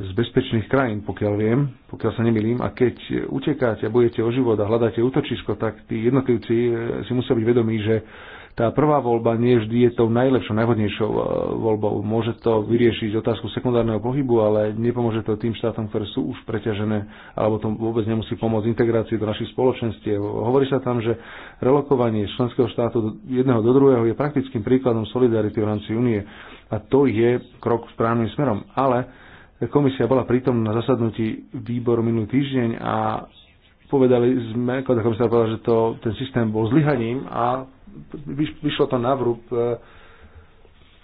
z bezpečných krajín, pokiaľ viem, pokiaľ sa nemilím. A keď utekáte a budete o život a hľadáte útočisko, tak tí jednotlivci e, si musia byť vedomí, že tá prvá voľba nie vždy je tou najlepšou, najhodnejšou e, voľbou. Môže to vyriešiť otázku sekundárneho pohybu, ale nepomôže to tým štátom, ktoré sú už preťažené, alebo to vôbec nemusí pomôcť integrácii do našich spoločenstiev. Hovorí sa tam, že relokovanie členského štátu jedného do druhého je praktickým príkladom solidarity v rámci únie a to je krok správnym smerom. Ale komisia bola prítom na zasadnutí výboru minulý týždeň a povedali sme, komisár povedal, že to, ten systém bol zlyhaním a vyšlo to na vrúb e,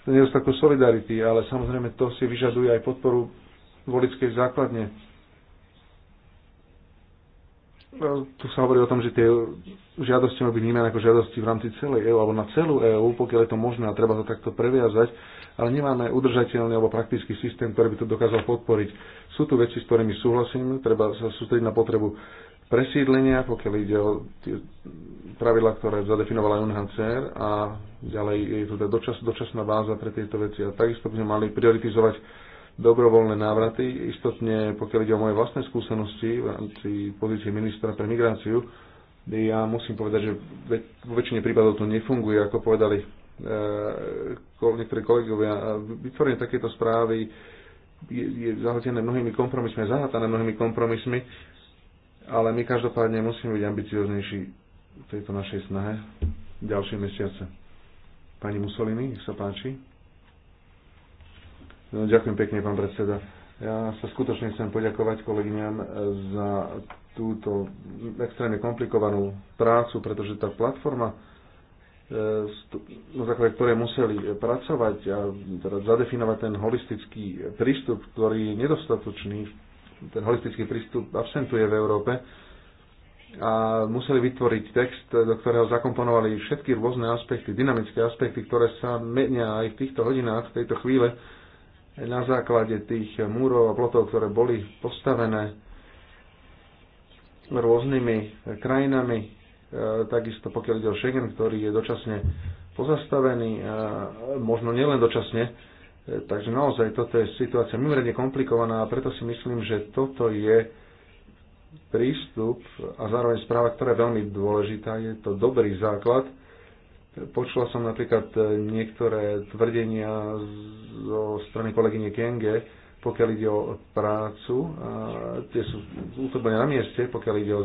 nedostatku solidarity, ale samozrejme to si vyžaduje aj podporu volickej základne. E, tu sa hovorí o tom, že tie žiadosti majú byť vnímané ako žiadosti v rámci celej EÚ alebo na celú EÚ, pokiaľ je to možné a treba to takto previazať, ale nemáme udržateľný alebo praktický systém, ktorý by to dokázal podporiť. Sú tu veci, s ktorými súhlasím, treba sa sústrediť na potrebu presídlenia, pokiaľ ide o pravidla, ktoré zadefinovala UNHCR a ďalej je tu teda dočas, dočasná báza pre tieto veci a takisto by sme mali prioritizovať dobrovoľné návraty. Istotne, pokiaľ ide o moje vlastné skúsenosti v rámci pozície ministra pre migráciu, ja musím povedať, že vo väčšine prípadov to nefunguje, ako povedali eh, niektorí kolegovia. Vytvorenie takéto správy je, je zahltené mnohými kompromismi, zahatané mnohými kompromismi ale my každopádne musíme byť ambicioznejší v tejto našej snahe ďalšie mesiace. Pani Mussolini, nech sa páči. No, ďakujem pekne, pán predseda. Ja sa skutočne chcem poďakovať kolegyňam za túto extrémne komplikovanú prácu, pretože tá platforma, e, na základe ktorej museli pracovať a teda zadefinovať ten holistický prístup, ktorý je nedostatočný ten holistický prístup absentuje v Európe a museli vytvoriť text, do ktorého zakomponovali všetky rôzne aspekty, dynamické aspekty, ktoré sa menia aj v týchto hodinách, v tejto chvíle, na základe tých múrov a plotov, ktoré boli postavené rôznymi krajinami, e, takisto pokiaľ ide o Schengen, ktorý je dočasne pozastavený, možno nielen dočasne, Takže naozaj toto je situácia mimoriadne komplikovaná a preto si myslím, že toto je prístup a zároveň správa, ktorá je veľmi dôležitá. Je to dobrý základ. Počula som napríklad e, niektoré tvrdenia zo strany kolegyne Kenge, pokiaľ ide o prácu. A tie sú úplne na mieste, pokiaľ ide o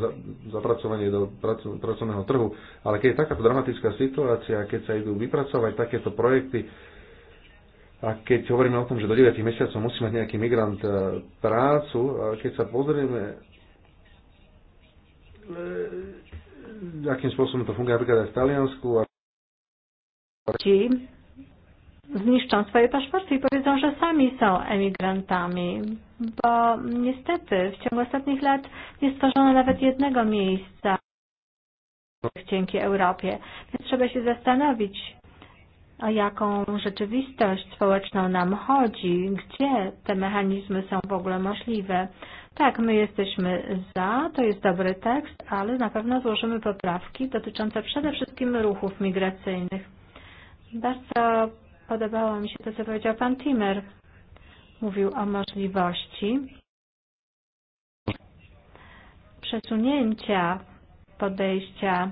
zapracovanie do pracovného trhu. Ale keď je takáto dramatická situácia, keď sa idú vypracovať takéto projekty, a keď hovoríme o tom, že do 9 mesiacov musí mať nejaký migrant e, prácu, a keď sa pozrieme, e, akým spôsobom to funguje napríklad aj v Taliansku. A... Či zniszcząc swoje paszporty i powiedzą, że sami są emigrantami, bo niestety w ciągu ostatnich lat nie stworzono nawet jednego miejsca w cienkiej Europie. Więc trzeba się zastanowić, o jaką rzeczywistość społeczną nam chodzi, gdzie te mechanizmy są w ogóle możliwe. Tak, my jesteśmy za, to jest dobry tekst, ale na pewno złożymy poprawki dotyczące przede wszystkim ruchów migracyjnych. Bardzo podobało mi się to, co powiedział pan Timmer. Mówił o możliwości przesunięcia podejścia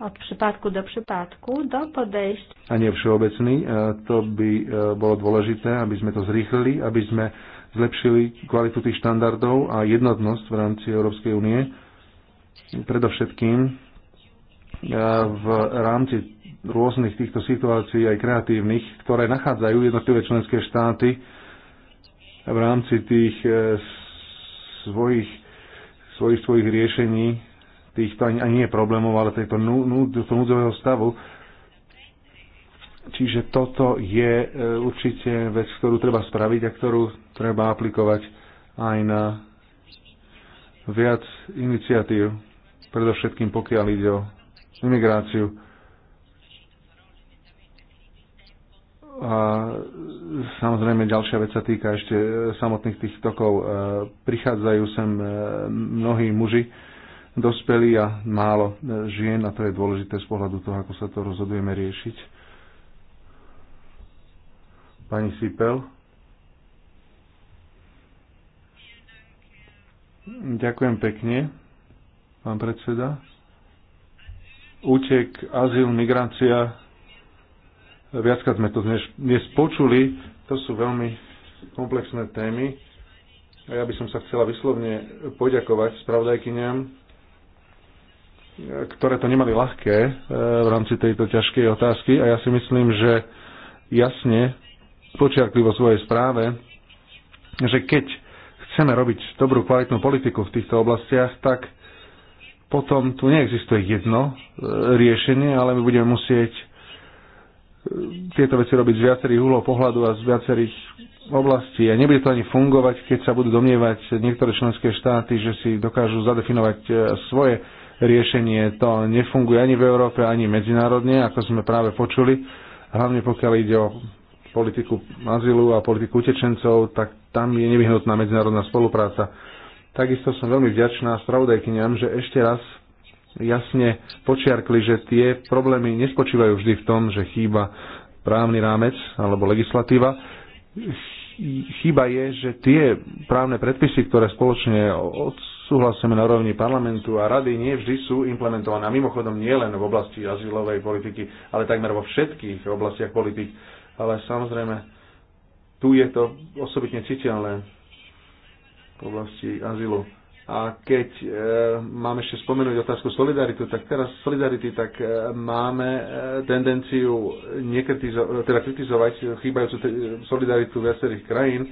od przypadku do przypadku, do podejšť. A nie všeobecný, e, to by e, bolo dôležité, aby sme to zrýchlili, aby sme zlepšili kvalitu tých štandardov a jednotnosť v rámci Európskej únie. Predovšetkým e, v rámci rôznych týchto situácií, aj kreatívnych, ktoré nachádzajú jednotlivé členské štáty v rámci tých svojich, svojich, svojich riešení týchto, ani, ani nie problémov, ale tejto núdzového stavu. Čiže toto je e, určite vec, ktorú treba spraviť a ktorú treba aplikovať aj na viac iniciatív, predovšetkým pokiaľ ide o imigráciu. A samozrejme ďalšia vec sa týka ešte samotných tých tokov. E, prichádzajú sem e, mnohí muži, dospelí a málo e, žien a to je dôležité z pohľadu toho, ako sa to rozhodujeme riešiť. Pani Sipel. Ďakujem pekne, pán predseda. Útek, azyl, migrácia. Viackrát sme to dnes, dnes počuli. To sú veľmi komplexné témy. A ja by som sa chcela vyslovne poďakovať spravodajkyniam ktoré to nemali ľahké e, v rámci tejto ťažkej otázky a ja si myslím, že jasne počiarkli vo svojej správe, že keď chceme robiť dobrú kvalitnú politiku v týchto oblastiach, tak potom tu neexistuje jedno e, riešenie, ale my budeme musieť e, tieto veci robiť z viacerých uhlov pohľadu a z viacerých oblastí. A nebude to ani fungovať, keď sa budú domnievať niektoré členské štáty, že si dokážu zadefinovať svoje riešenie. To nefunguje ani v Európe, ani medzinárodne, ako sme práve počuli. Hlavne pokiaľ ide o politiku azylu a politiku utečencov, tak tam je nevyhnutná medzinárodná spolupráca. Takisto som veľmi vďačná spravodajkyniam, že ešte raz jasne počiarkli, že tie problémy nespočívajú vždy v tom, že chýba právny rámec alebo legislatíva. Chýba je, že tie právne predpisy, ktoré spoločne od súhlasujeme na rovni parlamentu a rady nie vždy sú implementované. A mimochodom nie len v oblasti azylovej politiky, ale takmer vo všetkých oblastiach politik. Ale samozrejme, tu je to osobitne citeľné v oblasti azylu. A keď e, máme ešte spomenúť otázku solidaritu, tak teraz solidarity, tak e, máme e, tendenciu nekritizo- teda kritizovať chýbajúcu solidaritu viacerých krajín, e,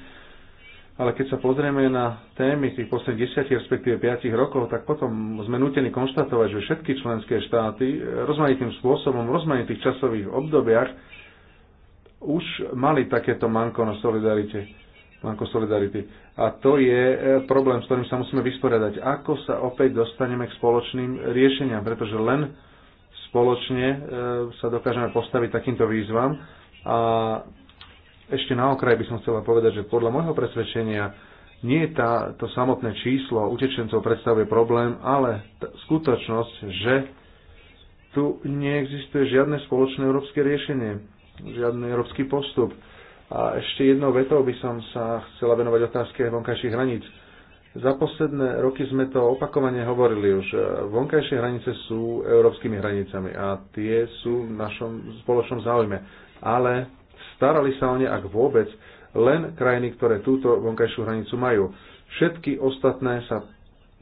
ale keď sa pozrieme na témy tých posledných 10, respektíve 5 rokov, tak potom sme nutení konštatovať, že všetky členské štáty eh, rozmanitým spôsobom, v rozmanitých časových obdobiach už mali takéto manko na solidarite. Manko solidarity. A to je eh, problém, s ktorým sa musíme vysporiadať. Ako sa opäť dostaneme k spoločným riešeniam, pretože len spoločne eh, sa dokážeme postaviť takýmto výzvam a ešte na okraj by som chcela povedať, že podľa môjho presvedčenia nie tá, to samotné číslo utečencov predstavuje problém, ale skutočnosť, že tu neexistuje žiadne spoločné európske riešenie, žiadny európsky postup. A ešte jednou vetou by som sa chcela venovať otázke vonkajších hraníc. Za posledné roky sme to opakovane hovorili už. Vonkajšie hranice sú európskymi hranicami a tie sú v našom spoločnom záujme. Ale starali sa o ne, ak vôbec, len krajiny, ktoré túto vonkajšiu hranicu majú. Všetky ostatné sa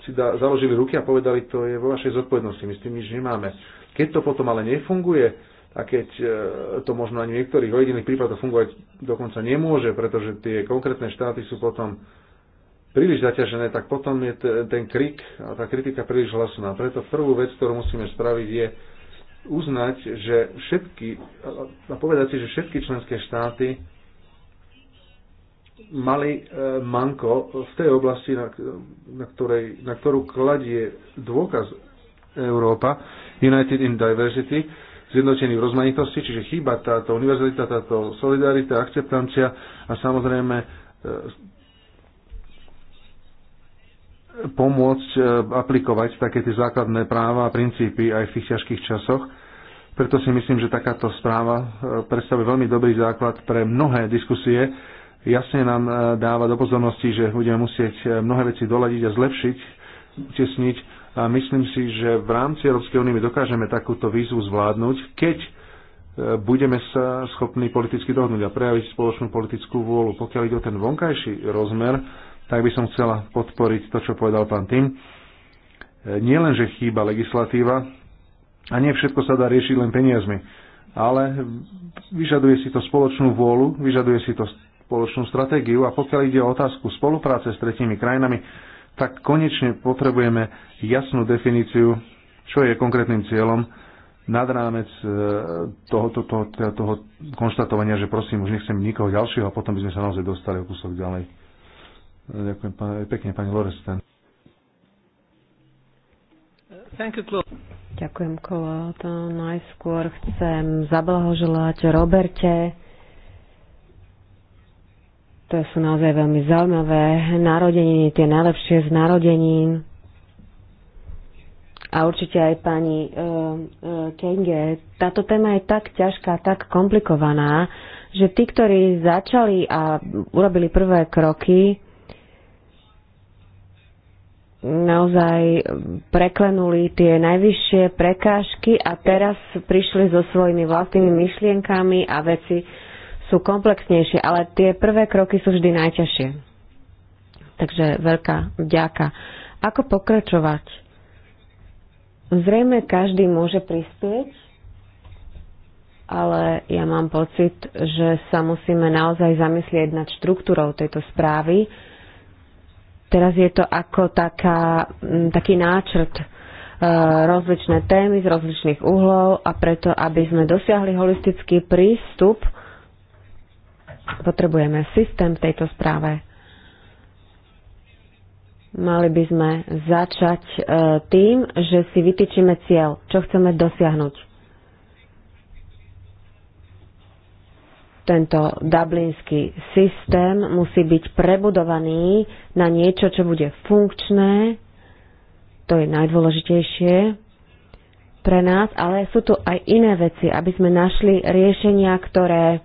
si da, založili ruky a povedali, to je vo vašej zodpovednosti, my s tým nič nemáme. Keď to potom ale nefunguje, a keď e, to možno ani v niektorých ojedinných prípadoch fungovať dokonca nemôže, pretože tie konkrétne štáty sú potom príliš zaťažené, tak potom je ten krik a tá kritika príliš hlasná. Preto prvú vec, ktorú musíme spraviť, je uznať, že všetky, a povedať si, že všetky členské štáty mali e, manko v tej oblasti, na, na, ktorej, na ktorú kladie dôkaz Európa, United in Diversity, zjednotený v rozmanitosti, čiže chýba táto univerzalita, táto solidarita, akceptancia a samozrejme e, pomôcť e, aplikovať také tie základné práva a princípy aj v tých ťažkých časoch. Preto si myslím, že takáto správa e, predstavuje veľmi dobrý základ pre mnohé diskusie. Jasne nám e, dáva do pozornosti, že budeme musieť mnohé veci doladiť a zlepšiť, utesniť. A myslím si, že v rámci Európskej únie dokážeme takúto výzvu zvládnuť, keď budeme sa schopní politicky dohodnúť a prejaviť spoločnú politickú vôľu. Pokiaľ ide o ten vonkajší rozmer, tak by som chcela podporiť to, čo povedal pán Tim. E, nie len, že chýba legislatíva a nie všetko sa dá riešiť len peniazmi, ale vyžaduje si to spoločnú vôľu, vyžaduje si to spoločnú stratégiu a pokiaľ ide o otázku spolupráce s tretími krajinami, tak konečne potrebujeme jasnú definíciu, čo je konkrétnym cieľom nad rámec e, toho, to, to, toho konštatovania, že prosím, už nechcem nikoho ďalšieho a potom by sme sa naozaj dostali o kúsok ďalej. Ďakujem pán, pekne, pani Loresten. Ďakujem kolo to Najskôr chcem zablahoželať Roberte. To sú naozaj veľmi zaujímavé narodeniny, tie najlepšie z narodenín. A určite aj pani uh, uh, Kenge. Táto téma je tak ťažká, tak komplikovaná, že tí, ktorí začali a urobili prvé kroky, naozaj preklenuli tie najvyššie prekážky a teraz prišli so svojimi vlastnými myšlienkami a veci sú komplexnejšie, ale tie prvé kroky sú vždy najťažšie. Takže veľká vďaka. Ako pokračovať? Zrejme každý môže prispieť, ale ja mám pocit, že sa musíme naozaj zamyslieť nad štruktúrou tejto správy, Teraz je to ako taká, taký náčrt e, rozličné témy z rozličných uhlov a preto, aby sme dosiahli holistický prístup, potrebujeme systém v tejto správe. Mali by sme začať e, tým, že si vytýčime cieľ, čo chceme dosiahnuť Tento dublinský systém musí byť prebudovaný na niečo, čo bude funkčné, to je najdôležitejšie pre nás, ale sú tu aj iné veci, aby sme našli riešenia, ktoré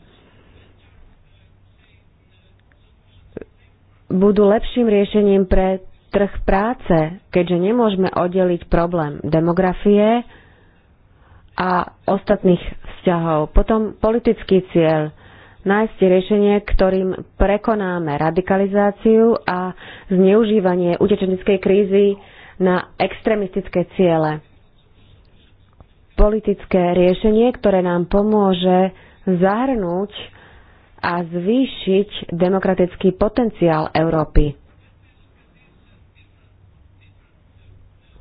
budú lepším riešením pre trh práce, keďže nemôžeme oddeliť problém demografie a ostatných vzťahov. Potom politický cieľ nájsť riešenie, ktorým prekonáme radikalizáciu a zneužívanie utečeneckej krízy na extremistické ciele. Politické riešenie, ktoré nám pomôže zahrnúť a zvýšiť demokratický potenciál Európy.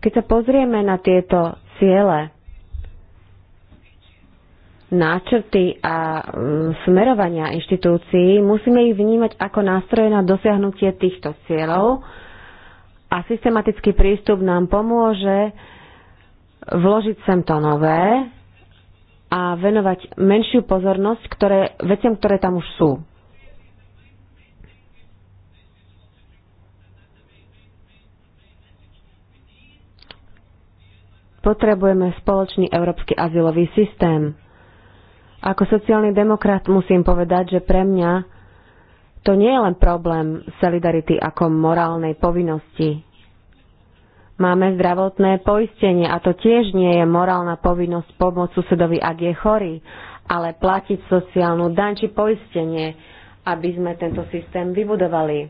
Keď sa pozrieme na tieto ciele, náčrty a mm, smerovania inštitúcií, musíme ich vnímať ako nástroje na dosiahnutie týchto cieľov a systematický prístup nám pomôže vložiť sem to nové a venovať menšiu pozornosť ktoré, veciam, ktoré tam už sú. Potrebujeme spoločný európsky azylový systém ako sociálny demokrat musím povedať, že pre mňa to nie je len problém solidarity ako morálnej povinnosti. Máme zdravotné poistenie a to tiež nie je morálna povinnosť pomôcť susedovi, ak je chorý, ale platiť sociálnu daň či poistenie, aby sme tento systém vybudovali.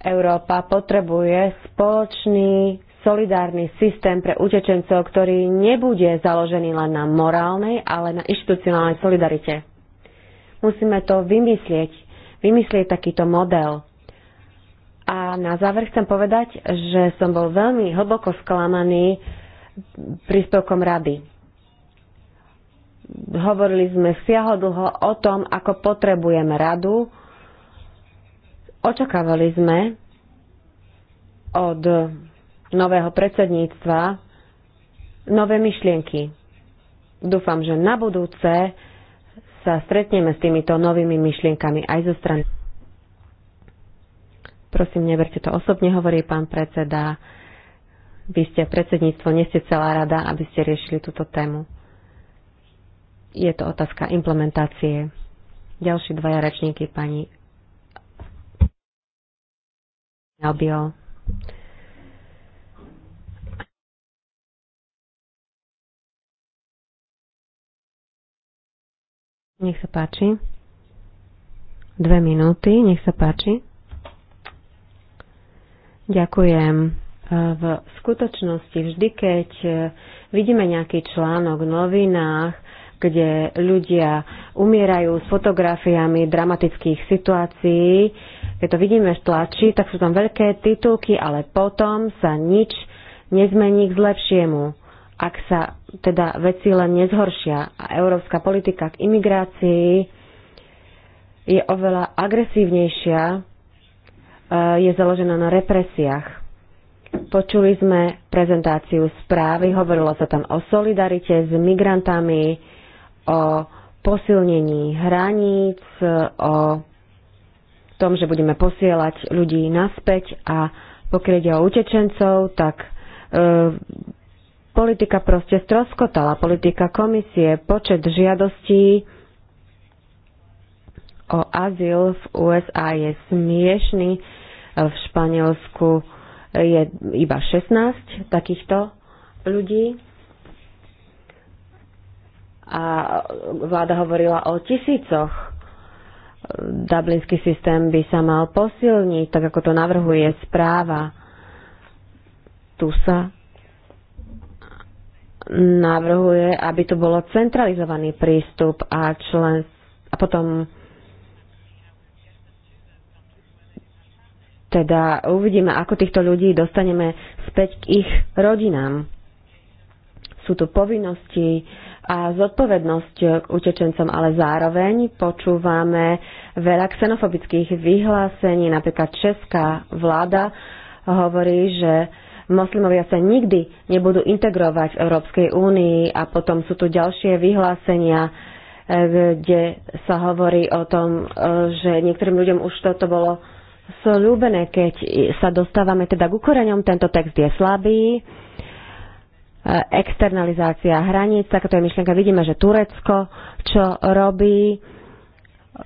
Európa potrebuje spoločný solidárny systém pre utečencov, ktorý nebude založený len na morálnej, ale na inštitucionálnej solidarite. Musíme to vymyslieť, vymyslieť takýto model. A na záver chcem povedať, že som bol veľmi hlboko sklamaný príspevkom rady. Hovorili sme siahodlho o tom, ako potrebujeme radu. Očakávali sme od nového predsedníctva nové myšlienky. Dúfam, že na budúce sa stretneme s týmito novými myšlienkami aj zo strany. Prosím, neberte to osobne, hovorí pán predseda. Vy ste predsedníctvo, nie ste celá rada, aby ste riešili túto tému. Je to otázka implementácie. Ďalší dvaja rečníky, pani Albio. Nech sa páči. Dve minúty, nech sa páči. Ďakujem. V skutočnosti vždy, keď e, vidíme nejaký článok v novinách, kde ľudia umierajú s fotografiami dramatických situácií, keď to vidíme v tlači, tak sú tam veľké titulky, ale potom sa nič nezmení k zlepšiemu. Ak sa teda veci len nezhoršia. A európska politika k imigrácii je oveľa agresívnejšia, e, je založená na represiách. Počuli sme prezentáciu správy, hovorilo sa tam o solidarite s migrantami, o posilnení hraníc, o tom, že budeme posielať ľudí naspäť a pokiaľ ide o utečencov, tak e, politika proste stroskotala, politika komisie, počet žiadostí o azyl v USA je smiešný, v Španielsku je iba 16 takýchto ľudí. A vláda hovorila o tisícoch. Dublinský systém by sa mal posilniť, tak ako to navrhuje správa. Tu sa navrhuje, aby to bolo centralizovaný prístup a člen a potom teda uvidíme, ako týchto ľudí dostaneme späť k ich rodinám. Sú tu povinnosti a zodpovednosť k utečencom, ale zároveň počúvame veľa xenofobických vyhlásení. Napríklad česká vláda hovorí, že moslimovia sa nikdy nebudú integrovať v Európskej únii a potom sú tu ďalšie vyhlásenia, e, kde sa hovorí o tom, e, že niektorým ľuďom už toto bolo slúbené, keď sa dostávame teda k ukoreňom. Tento text je slabý. E, externalizácia hraníc, takáto je myšlienka. Vidíme, že Turecko čo robí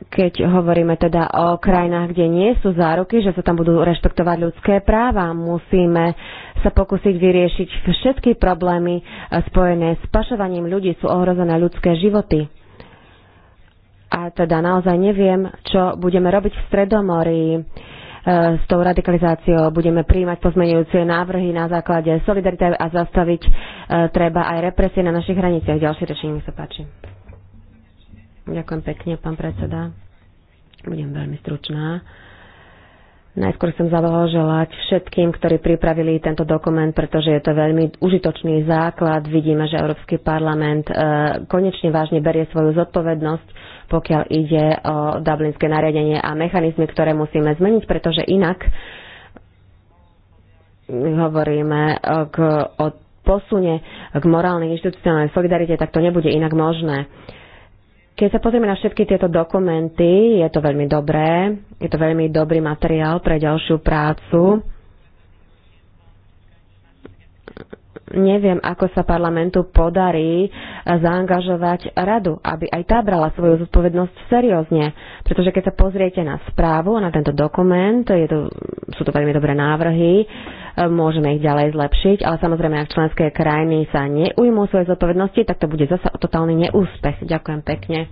keď hovoríme teda o krajinách, kde nie sú záruky, že sa tam budú rešpektovať ľudské práva, musíme sa pokúsiť vyriešiť všetky problémy e, spojené s pašovaním ľudí, sú ohrozené ľudské životy. A teda naozaj neviem, čo budeme robiť v Stredomorí e, s tou radikalizáciou. Budeme príjmať pozmenujúce návrhy na základe solidarity a zastaviť e, treba aj represie na našich hraniciach. Ďalšie riešenie mi sa páči. Ďakujem pekne, pán predseda. Budem veľmi stručná. Najskôr som zavolal všetkým, ktorí pripravili tento dokument, pretože je to veľmi užitočný základ. Vidíme, že Európsky parlament e, konečne vážne berie svoju zodpovednosť, pokiaľ ide o dublinské nariadenie a mechanizmy, ktoré musíme zmeniť, pretože inak hovoríme e, k, o posune k morálnej inštitucionálnej solidarite, tak to nebude inak možné. E, keď sa pozrieme na všetky tieto dokumenty, je to veľmi dobré, je to veľmi dobrý materiál pre ďalšiu prácu. Neviem, ako sa parlamentu podarí zaangažovať radu, aby aj tá brala svoju zodpovednosť seriózne. Pretože keď sa pozriete na správu, na tento dokument, je to, sú to veľmi dobré návrhy, E, môžeme ich ďalej zlepšiť, ale samozrejme, ak členské krajiny sa neujmú svoje zodpovednosti, tak to bude zase totálny neúspech. Ďakujem pekne.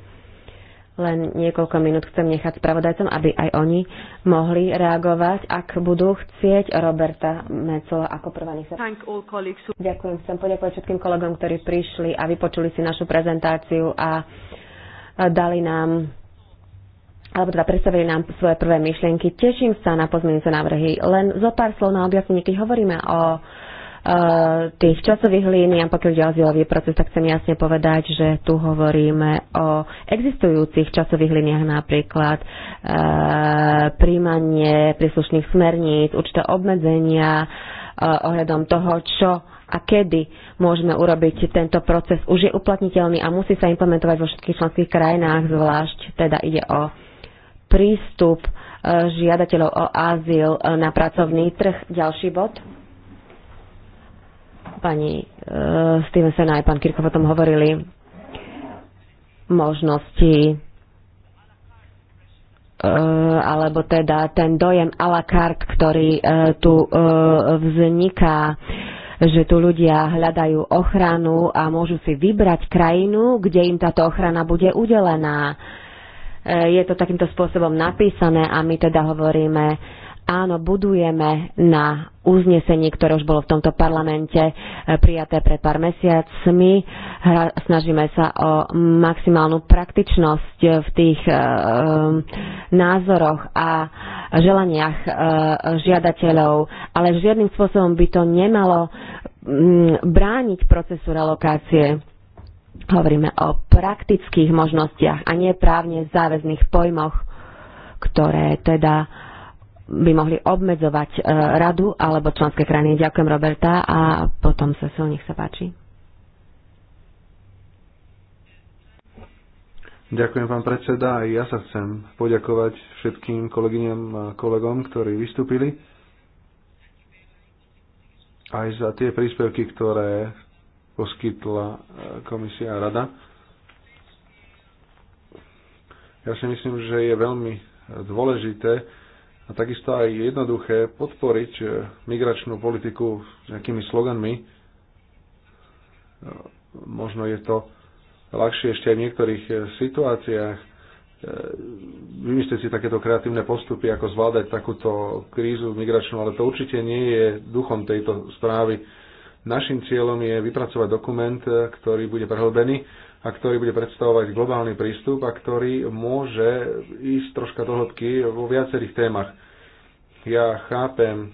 Len niekoľko minút chcem nechať spravodajcom, aby aj oni mohli reagovať, ak budú chcieť. Roberta Mecola ako prvá nech sa... Ďakujem, chcem poďakovať všetkým kolegom, ktorí prišli a vypočuli si našu prezentáciu a dali nám alebo teda predstavili nám svoje prvé myšlienky. Teším sa na pozmienujúce návrhy. Len zo pár slov na objasnenie, keď hovoríme o e, tých časových líniách, pokiaľ ide o azylový proces, tak chcem jasne povedať, že tu hovoríme o existujúcich časových líniách napríklad e, príjmanie príslušných smerníc, určité obmedzenia e, ohľadom toho, čo a kedy môžeme urobiť tento proces už je uplatniteľný a musí sa implementovať vo všetkých členských krajinách, zvlášť teda ide o prístup e, žiadateľov o azyl e, na pracovný trh. Ďalší bod. Pani e, Stevenson aj pán Kirkov o tom hovorili. Možnosti alebo teda ten dojem a la carte, ktorý tu vzniká, že tu ľudia hľadajú ochranu a môžu si vybrať krajinu, kde im táto ochrana bude udelená E, je to takýmto spôsobom napísané a my teda hovoríme, áno, budujeme na uznesení, ktoré už bolo v tomto parlamente e, prijaté pred pár mesiacmi. Snažíme sa o maximálnu praktičnosť v tých e, e, názoroch a želaniach e, žiadateľov, ale žiadnym spôsobom by to nemalo brániť procesu relokácie. Hovoríme o praktických možnostiach a nie právne záväzných pojmoch, ktoré teda by mohli obmedzovať e, radu alebo členské krajiny. Ďakujem Roberta a potom sa sil, nech sa páči. Ďakujem pán predseda a ja sa chcem poďakovať všetkým kolegyňam a kolegom, ktorí vystúpili aj za tie príspevky, ktoré poskytla e, komisia a rada. Ja si myslím, že je veľmi dôležité a takisto aj jednoduché podporiť e, migračnú politiku nejakými sloganmi. E, možno je to ľahšie ešte aj v niektorých situáciách. Vymyslieť si takéto kreatívne postupy, ako zvládať takúto krízu migračnú, ale to určite nie je duchom tejto správy Našim cieľom je vypracovať dokument, eh, ktorý bude prehlbený a ktorý bude predstavovať globálny prístup a ktorý môže ísť troška do hĺbky vo viacerých témach. Ja chápem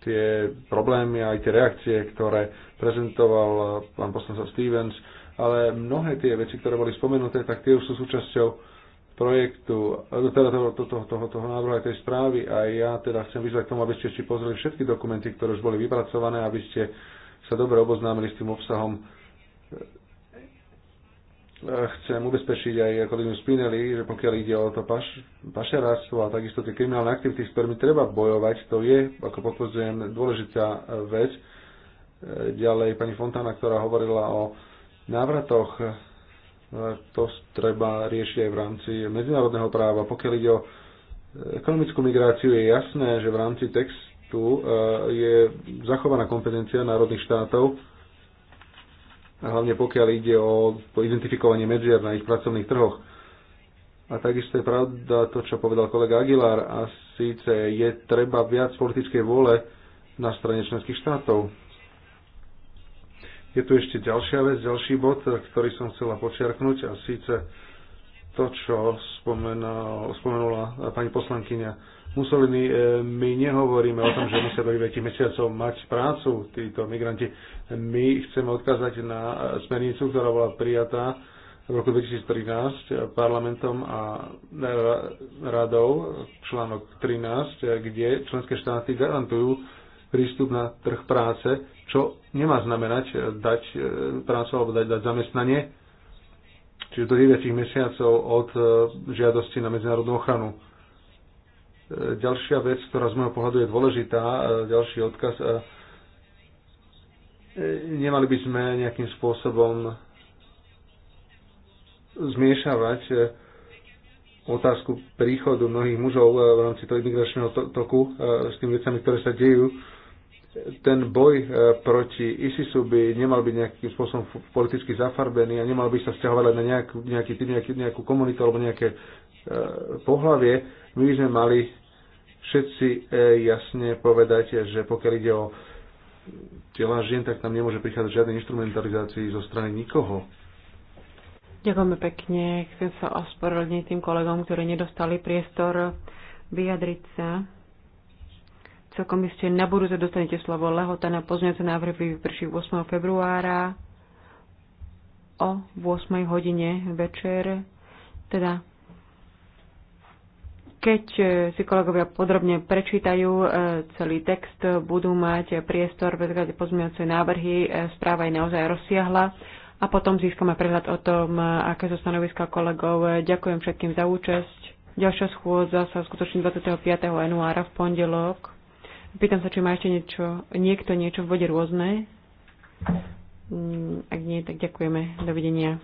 tie problémy a aj tie reakcie, ktoré prezentoval eh, pán poslanca Stevens, ale mnohé tie veci, ktoré boli spomenuté, tak tie už sú súčasťou projektu, eh, teda toho, toho, toho, toho návrhu aj tej správy a ja teda chcem vyzvať k tomu, aby ste si pozreli všetky dokumenty, ktoré už boli vypracované, aby ste sa dobre oboznámili s tým obsahom. Chcem ubezpečiť aj kolegu Spinelli, že pokiaľ ide o to paš, pašeráctvo a takisto tie kriminálne aktivity, s ktorými treba bojovať, to je, ako potvrdzujem, dôležitá e, vec. E, ďalej pani fontana, ktorá hovorila o návratoch, e, to treba riešiť aj v rámci medzinárodného práva. Pokiaľ ide o ekonomickú migráciu, je jasné, že v rámci text, tu e, je zachovaná kompetencia národných štátov, hlavne pokiaľ ide o identifikovanie medzier na ich pracovných trhoch. A takisto je pravda to, čo povedal kolega Aguilar, a síce je treba viac politickej vôle na strane členských štátov. Je tu ešte ďalšia vec, ďalší bod, ktorý som chcela počiarknúť, a síce to, čo spomenul, spomenula pani poslankyňa Mussolini, e, my nehovoríme o tom, že musia do 9 mesiacov mať prácu títo migranti. My chceme odkázať na smernicu, ktorá bola prijatá v roku 2013 parlamentom a radou, článok 13, kde členské štáty garantujú prístup na trh práce, čo nemá znamenať dať e, prácu alebo dať, dať zamestnanie, čiže do 9 mesiacov od e, žiadosti na medzinárodnú ochranu. E, ďalšia vec, ktorá z môjho pohľadu je dôležitá, e, ďalší odkaz, nemali by sme nejakým spôsobom zmiešavať otázku príchodu mnohých mužov v rámci toho imigračného toku s tými vecami, ktoré sa dejú ten boj e, proti ISISu by nemal byť nejakým spôsobom politicky zafarbený a nemal by sa stiahovať len na nejakú, nejaký, nejaký, nejakú komunitu alebo nejaké e, pohlavie. My by sme mali všetci e, jasne povedať, že pokiaľ ide o tela žien, tak tam nemôže prichádzať žiadnej instrumentalizácii zo strany nikoho. Ďakujeme pekne. Chcem sa ospravedlniť tým kolegom, ktorí nedostali priestor vyjadriť sa. Celkom iste na budúce dostanete slovo lehota na pozňujúce návrhy vyprší 8. februára o 8. hodine večer. Teda keď e, si kolegovia podrobne prečítajú e, celý text, budú mať priestor vedľať pozmeňujúce návrhy. E, správa je naozaj rozsiahla a potom získame prehľad o tom, aké sú stanoviska kolegov. Ďakujem všetkým za účasť. Ďalšia schôdza sa skutočne 25. januára v pondelok. Pýtam sa, či má ešte niečo, niekto niečo v bode rôzne. Mm, ak nie, tak ďakujeme. Dovidenia.